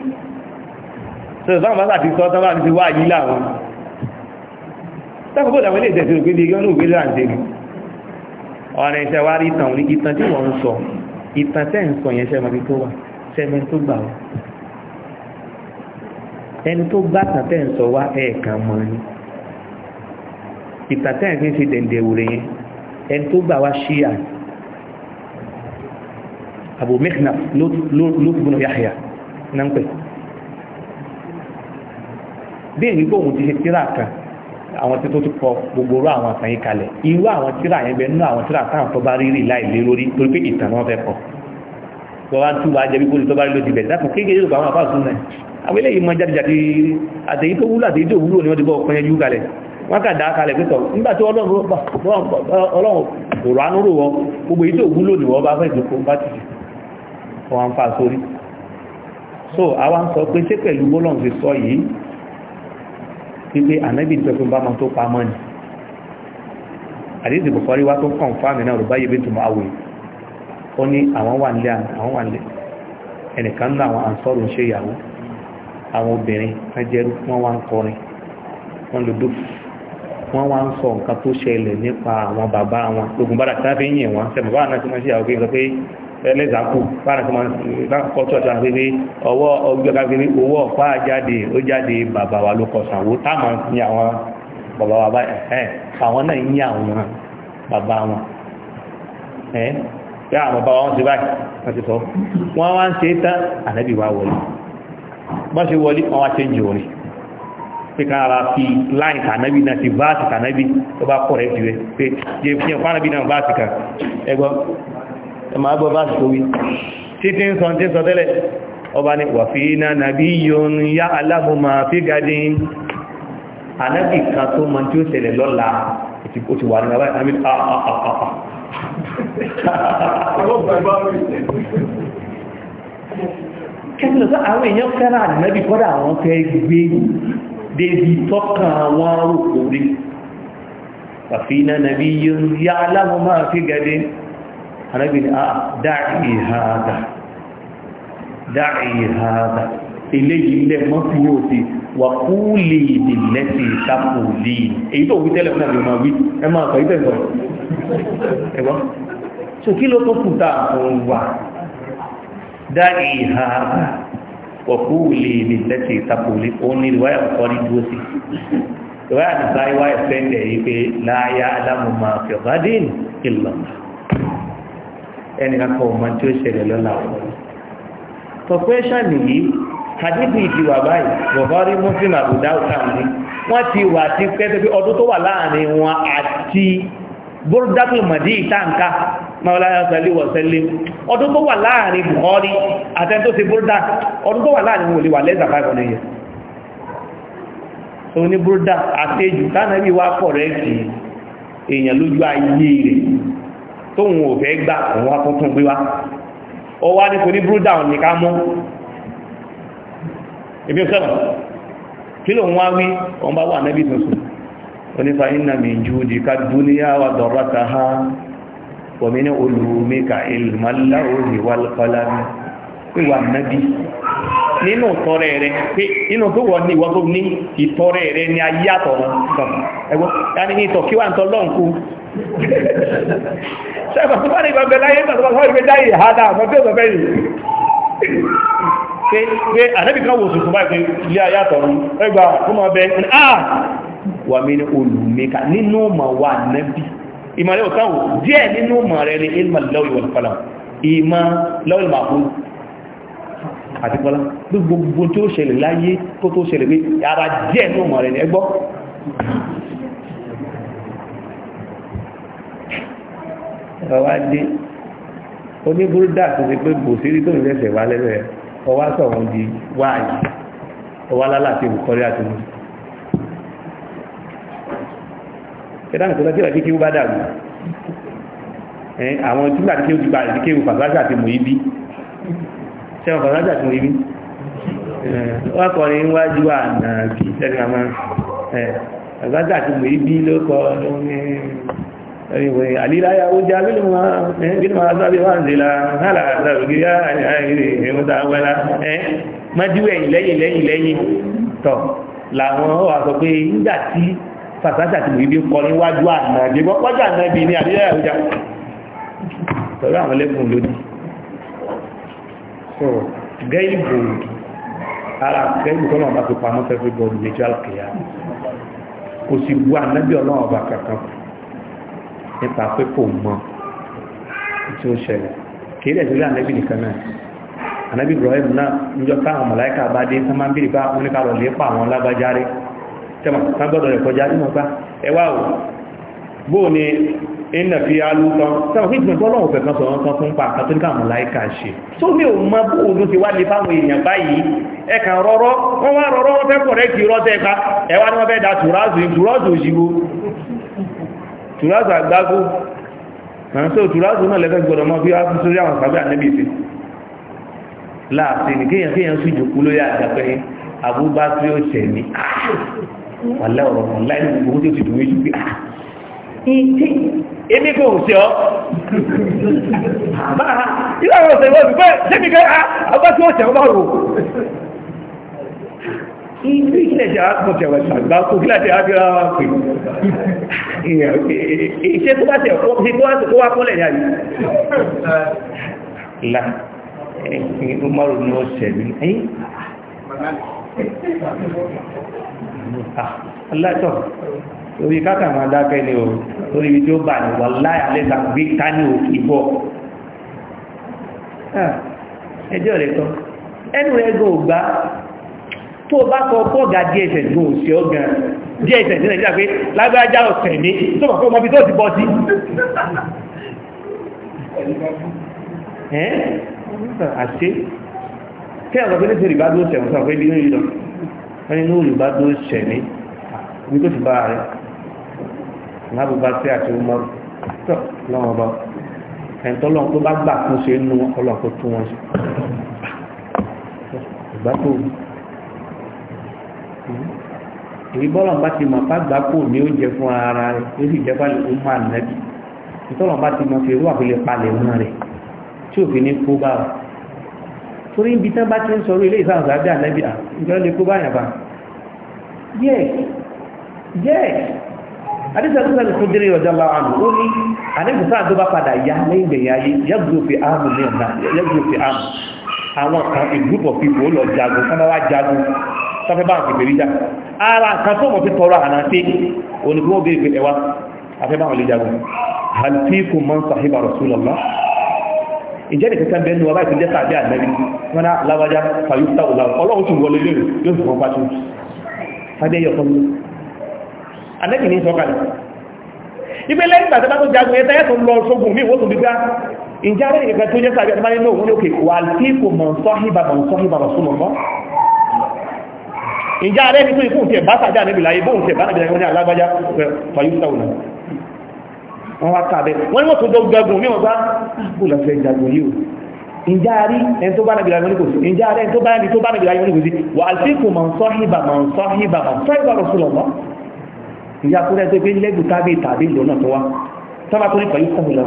tó sọ́nà bá sàti sọ́tọ́ bá ti wá yí láwọn tàbí bóòdà wọlé ìtẹ̀sí ògbédé yọ́nù ògbédé àǹtẹ̀lú ọ̀nà ìtẹ̀wárí ìtàn orí ìtàn tí wọ́n ń sọ ìtàn tẹ́ ń sọ yẹn sẹ́mọ̀ tó wà sẹ́mọ̀ tó gbà wọ́n ẹni tó gbá tàtẹ́ ń sọ wá ẹ̀ẹ̀kan mọ́ ni ìtàtẹ́ ẹ̀ fi ń fi dẹ̀ǹdẹ̀ wòrè yẹn ẹni tó gbà wá ṣíyà Abu Mikhnaf lóògùn Yahya náà ń pè bí èyí tó ti ṣe tíra kan àwọn tí tó ti kọ gbogbo orú àwọn àtàyè kalẹ̀ irú àwọn tíra yẹn bẹ nínú àwọn tíra táwọn tó bá rí rí láì lé lórí torí pé ìtàn wọn fẹ́ kọ wọ́n wá ń túbọ̀ ajẹ́bí tó bá rí lójú bẹ̀ dákun kékeré àbá àwọn ilé ìmọ̀ jàdìjàdì àtèyí tó wúlò àtèyí tó wúlò ní wọ́n ti bọ́ ọkùnrin ẹjú kalẹ̀ wọ́n kà dá kalẹ̀ pẹ́tọ̀ nígbàtí ọlọ́run òrò anúrò wọn gbogbo èyí tó wúlò ní wọ́n bá fẹ́ ìdókò so àwa ń sọ pé ṣé pẹ̀lú bọ́lọ̀n ti sọ yìí wípé ànábì ìtọ́kùn bá máa tó pa mọ́ ni àdéhùn ìbùkọ́rí wá tó kàn fáàmì náà ròbáyé bí tùmọ̀ àwòrán ó ní àwọn obìnrin kájẹrú wọ́n wá ń kọrin wọ́n lò dókì wọ́n wá ń sọ nǹkan tó ṣẹlẹ̀ nípa àwọn bàbá wọn ogun bára tí wọ́n fi ń yìn wọ́n sẹ́mọ̀ báwọn náà ti máa ń ṣe àwọn obìnrin sọ pé ẹlẹ́zàkù báwọn ti máa ń kọ́ tó ọ̀tún àgbègbè ọwọ́ ọgbẹ́ka gbé owó ọ̀pá jáde ó jáde bàbá wa ló kọ Ṣàngó táwọn ní àwọn bàbá wa báyìí ẹ̀ àwọn náà yín àwọn bàbá wọn ẹ̀ pé àwọn bàbá wọn ti báyìí wọ́n ti sọ wọ́n wá ń ṣe tán ànábì wa wọlé bá ṣe wọlé wọn wá change orin pé ká ara fi láì tànábì náà ti báàsì tànábì tó bá kọ̀ rẹ̀ jù rẹ̀ pé jẹ́ fi ẹ̀kọ́ ànábì náà báàsì kan ẹgbọ́ ẹ máa gbọ́ báàsì tó wí títí ń sọ tí ń sọ tẹ́lẹ̀ ọba ni wà fi iná nàbí yọun yá aláhùnmá fi gadi ànábì kan tó mọ tí ó ṣẹlẹ̀ lọ́la ó ti wà kẹ́sìlẹ̀ sọ àwọn èèyàn fẹ́ràn ànábì kọ́dà àwọn fẹ́ gbé débi tọ́kàn wọn òkú rí fàfínà nàbí yá aláwọ̀ máa fi gẹ́dẹ́ ni a dáì hàdà dáì hàdà eléyìí lẹ́ mọ́ fi yóò ti wà kú lè dìlẹ́ sí ìtàkù lè èyí tó wí tẹ́lẹ̀ fún àbí ọmọ wí ẹ máa sọ ẹ̀wọ́n so kí ló tó kù àwọn wà dáìhà wọ̀kúwìlì ní tẹ́tì ìtàkùlì òun ni ìwáyà ọ̀kọ́ ní dúró sí ìwáyà ní bá ìwáyà fẹ́ǹdẹ̀ yìí pé láyá alámùmá fẹ̀gádìn ìlọ ẹni kakọ̀ ọmọ tí ó ṣẹlẹ̀ lọ́la ọ̀rọ̀ tọ̀pẹ́ṣàn nìyí kàdébì ìdìwà báyìí bọ̀fọ́rí muslim àbùdá òkàmì wọ́n ti wà ti pẹ́ ọdún tó wà láàrin wọn àti bórúdákùlùmọ̀dí ìtànká maulaya sali wa sallim ọdún tó láàrin buhari burda ọdún tó láàrin wòlíwà lẹ́sà 500 years so ní burda àtẹ́jù tánà bí wá pọ̀ rẹ̀ sí èèyàn lójú ayé rẹ̀ tóhun ò fẹ́ gbà òun wá tuntun gbé wá ó wá ní kò ní burda ebi ha wọ̀mí ní olùmíkà ìlmọ́lá òníwàl kọ́lámi ìwà nábì nínú tọrẹ rẹ pé inú tó wọ́n ní ìwọ́n tó ní ìtọrẹ rẹ ní ayé àtọ̀run ẹgbọ́ yáni ní ìtọ̀ kí wà ń tọ́ lọ́nkú sẹ́gbọ̀n tó bá ní ìgbàgbẹ́ láyé tàbí wọ́n rí pé dáyé ìhádà àwọn tó gbẹ̀gbẹ́ yìí pé ànábì kan wò sùn fún báyìí pé ilé ayé àtọ̀run ẹgbà fún ọbẹ̀ ìmọ̀lẹ́ òkáwò díẹ̀ nínú mọ̀rẹ̀ ní ilmọ̀ lọ́wọ́ ìwọ̀n kọlá ìmọ̀ lọ́wọ́ ìmàkú àti kọlá gbogbo tí ó ṣẹlẹ̀ láyé kó tó ṣẹlẹ̀ pé ara díẹ̀ nínú mọ̀rẹ̀ ní ẹgbọ́ ọwádé oníbúrúdà tó ti pé bòsírí tó ń rẹ̀ṣẹ̀ wá lẹ́rẹ̀ ọwá sọ̀rọ̀ di wáyé ọwá ẹ̀dá nìkan lọ́jọ́ ìdíkéwú bá dàrú àwọn ìtúgbà tí ó ti gba ìdíkéwú fàgbáṣà ti mú ibi sẹ́wọ̀n fàgbáṣà ti mú ibi wọ́n kọ́ ní wájú àná kì í sẹ́ni àmọ́ fàgbáṣà ti mú ibi ló kọ́ ẹ̀rìnwé àlíláyà ó já bínú máa sábẹ́ wà ń zèlà hálà àtàrògíyà àìrí ìrìnwọ́ta wẹ́lá mọ́jú ẹ̀yìn lẹ́yìn lẹ́yìn lẹ́yìn tọ̀ làwọn wà sọ pé nígbà tí sàtàtà tí mòbí kọ níwájú ànàbí wọ́pọ́jà ànàbí ní àríyá ìrújá pẹ̀lú àwọn lẹ́kùn lónìí so gẹ́ìbò ara gẹ́ìbò tọ́nà ọba tó pamọ́ fẹ́ fẹ́ bọ́ọ̀lù méjì àkìyà kò sì bu ànàbí ọlọ́run ọba kankan nípa pé kò mọ tí ó ṣẹlẹ̀ kìí dẹ̀ sílẹ̀ ànàbí nìkan náà ànàbí Ibrahim náà níjọ táwọn mọ̀láìkà bá dé sọ́mọ́ bí ìbá wọn lè pa àwọn tẹ́mà tágbọ́dọ̀ rẹ̀ kọjá nínú ọgbá ẹwà ò bó ni iná fi alúkan tẹ́mà kí ìgbìmọ̀ tọ́lọ́wọ̀ fẹ̀kan sọ̀rọ̀ kan fún pa katolika mọ̀láíkà ṣe tó ní òun máa bó ogun ti wá lè fáwọn èèyàn báyìí ẹ̀kà rọrọ́ wọ́n wá rọrọ́ wọ́n fẹ́ kọ̀rẹ́ kì rọ́ tẹ́ka ẹwà ni wọ́n fẹ́ da tùrázù tùrázù òṣìwò tùrázù àgbágó àti tùrázù náà lẹ́fẹ́ gbọ́dọ̀ mọ́ bí wá fún sórí àwọn sàbẹ́ ànẹ́bìsì láàfin kéèyàn kéèyàn sí ìjòkú lórí àjàpẹ́ abúbá tí ó ṣẹ̀ ní wàlẹ́ ọ̀rọ̀ kan láì ní gbogbo tó ti dùn méjì pé ah èmi kò sí ọ bára ilé àwọn ọ̀sẹ̀ ìwọ̀n pé sẹ́mi kẹ́ ah, àgbà tí wọ́n tẹ̀wọ́ bá rò ilé ìṣẹ̀lẹ̀ jẹ́ àkọ́ tẹ̀wọ́ ìgbà kò kí láti àgbà pè iṣẹ́ tó bá tẹ̀ kó wá kọ́lẹ̀ ní àyè la ẹ̀yìn umaru ni ó ṣẹ̀lú ẹ̀yìn Ah, aláìsọ̀ orí káàkà máa dákẹ́ ni o orí ibi tí ó bà ní wà láì alẹ́gbà gbé ká ní òkè bọ́ ah, ẹjọ́ rẹ̀ tán ẹnu rẹ̀ gan ògbá tó bá sọ fọ́gà dss gan òsì ọgàn dss ní nàìjíríà pé lágbájá ọ̀sẹ̀ ní tó bá fọ́ ọmọ bí tó ti bọ́ sí ẹ́ àti kí ẹ̀rọ pé nítorí bá ẹni ní olùbá tó ṣẹ̀lẹ̀ ní tó ti bá rẹ̀ lábùbá sí àti ọmọ tó lọ́wọ́ bá ẹ̀ńtọ́ lọ́n tó bá gbà tó ṣe nú ọlọ́ tó tún wọn ṣe ìgbàpò èyí bọ́lọ̀ bá ti mọ̀ bá gbàpò ní oúnjẹ fún ara rẹ̀ ó sì jẹ́ pálí ó máa nẹ́bí ìtọ́lọ̀ bá ti mọ̀ fi irú àfilẹ̀ palẹ̀ wọn rẹ̀ tí òfin ní kó bá torí ibi tán bá ti ń sọ̀rọ̀ ilé ìsáhùn sábẹ ànábì à ìjọ lè kó báyà bá yes yes adéṣàkóso àti fúdírí ọjọ́ láwọn àmì ó ní àdébù sáà tó bá padà yá lẹ́yìn gbẹ̀yìn ayé yẹ́gbùrú fi àmì ní ọ̀nà yẹ́gbùrú fi àmì of people lọ jagun kọ́nà wá jagun sọ́fẹ́ bá àti ìgbèríjà ara kan tó mọ̀ sí tọrọ ànáṣe onígbó bí ìgbè ẹwà afẹ́ bá hal fikum man sahiba rasulullah ìjẹ́ nìkankan bẹ́ẹ̀ ni wọ́n bá ti lẹ́sà bí ànábì wọn láwájá fàyúta òlà ọlọ́run tún wọlé lérò yóò fi fọ́pá tún fàdéyẹ fún mi ànábì ní sọ́kàlẹ̀ ibẹ̀ lẹ́yìn tàbí tó jagun ẹ̀ta ẹ̀tọ́ lọ sógun mí wọ́n tún bí gbá ìjẹ́ ah, alẹ́ nìkankan tó jẹ́ sàbí àti máa nínú òun lókè wà tí kò mọ̀ sọ́hìbà mọ̀ sọ́hìbà mọ̀ súnmọ̀ mọ́ ìjẹ́ alẹ́ nìkan ikú tẹ̀ bá sàbí ànábì láyé bóun tẹ̀ bá nàbì láyé wọ́n ní alágbájá fàyúta òlà wọ́n wá kàbẹ̀ wọ́n ní wọ́n tó ah, dọ́gbẹ́gùn ní ọ̀gbá kò lọ́fẹ́ jagun yìí o ìjáàrí ẹni tó bá nàbìlá yọ ní kò sí ìjáàrí ẹni tó bá nàbìlá tó bá nàbìlá yọ ní kò sí wà á sí kò mọ̀ sọ́hìbà mọ̀ sọ́hìbà mọ̀ sọ́hìbà rọ̀ fúlọ̀ mọ́ ìyá tó rẹ̀ tó pé lẹ́gùn tábí tàbí ìlú náà tó wá sábà tó ní pẹ̀lú sọ́hìn lọ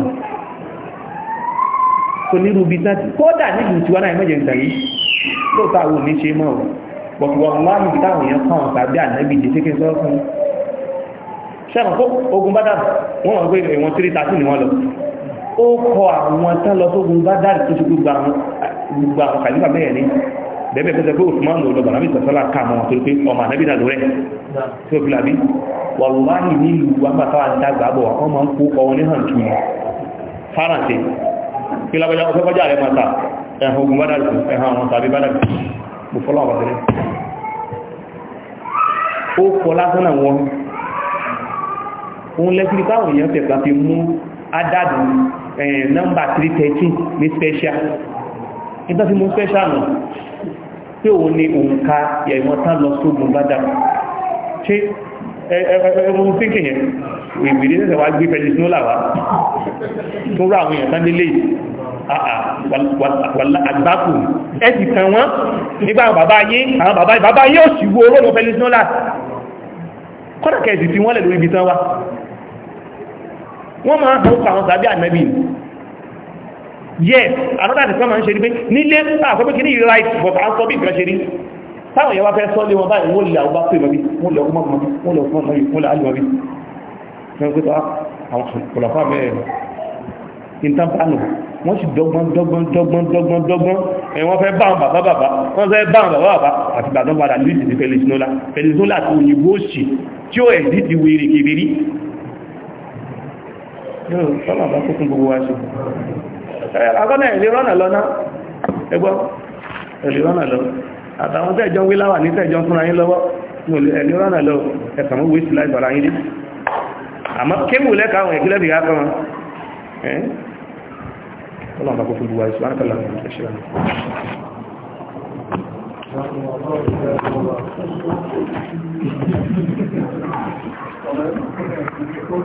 kò ní rúbi náà tí kódà nílùú tiwa náà mẹ́jẹ̀ ìtàrí lóòótọ́ àwọn ò ní ṣe mọ́ ọ̀ sẹ́wọ̀n kó ogun bá dàrú wọ́n wọ́n gbé ìwọ̀n 330 ni wọ́n lọ ó kọ àwọn tán lọ sógun bá dàrú tó ṣe gbogbo àwọn kàlífà bẹ́ẹ̀ ni bẹ́ẹ̀ bẹ́ẹ̀ pẹ́sẹ̀ pé òtùmọ́ lò lọ bàrámì sọ̀sọ́lá ká mọ́ tó pé ọmọ ànábì náà lórẹ́ tí ó fi làbí wàlúwàhì nílùú wàgbàtàwà dàgbà bọ̀ wọ́n máa ń kó ọwọ́ ní hàn kiri faransé kí lábẹ́já ọ̀fẹ́ kọjá rẹ̀ máa ta ẹ̀hàn ogun bá dàrú ẹ̀hàn àwọn tàbí bá dàrú mo ó kọ lásán àwọn òun lẹ́sìn báwọn èèyàn fẹ̀gbà fi mú adádù eh, nọ́mbà 313 ní special nígbà tí mú special nù pé òun ni òun ka ẹ̀wọ̀n tán lọ sógun bá dà ṣe ẹ̀wọ̀n sínkì yẹn ìbìdí sẹ́sẹ̀ wá gbé fẹ́lẹ̀ sínú làwá tó rà àwọn èèyàn sáńdé lè àgbákù ẹ sì tàn wọ́n nígbà àwọn bàbá yé àwọn bàbá yé ò sì wo olóòrùn fẹ́lẹ̀ sínú là kọ́dà kẹ́ẹ̀sì tí wọ́n lẹ̀ lórí ibi tán wá wọ́n máa hàn pa àwọn sàbí ànábì yes another thing wọ́n máa ń ṣe rí pé nílé àkọ́bí kí ní right but a sọ bí ìgbà ṣe rí táwọn èèyàn wá fẹ́ sọ lé wọn báyìí wọ́n lè àwọn bá pè mọ́bí wọ́n lè ọkùnmọ́ mọ́bí wọ́n lè ọkùnmọ́ mọ́bí wọ́n lè alì mọ́bí wọ́n pẹ́ àwọn kòlàfà bẹ́ẹ̀ ìtàbánù wọ́n sì dọ́gbọ́n dọ́gbọ́n dọ́gbọ́n dọ́gbọ́n dọ́gbọ́n ẹ̀wọ́n fẹ́ bá bàbá bàbá wọ́n fẹ́ bá bàbá bàbá àti bàbá padà lùsì ní pẹ̀lẹ́sìnọ́lá pẹ̀lẹ́sìnọ́lá àti òyìnbó òsì tí ó ẹ̀dí ti wèrè kèbèrí yóò sọ́nà bá kókún gbogbo wa ṣe akọ́nà ẹ̀lẹ́ rọ́nà lọ́nà ẹgbọ́ ẹ̀lẹ́ rọ́nà lọ fúnra yín lọ́wọ́ ẹ̀lẹ́ rọ́nà lọ ẹ̀sàn wíṣì láì bọ̀ra yín dé àmọ́ kéwù lẹ́ka àwọn ìpínlẹ̀ bìí akọ́ wọn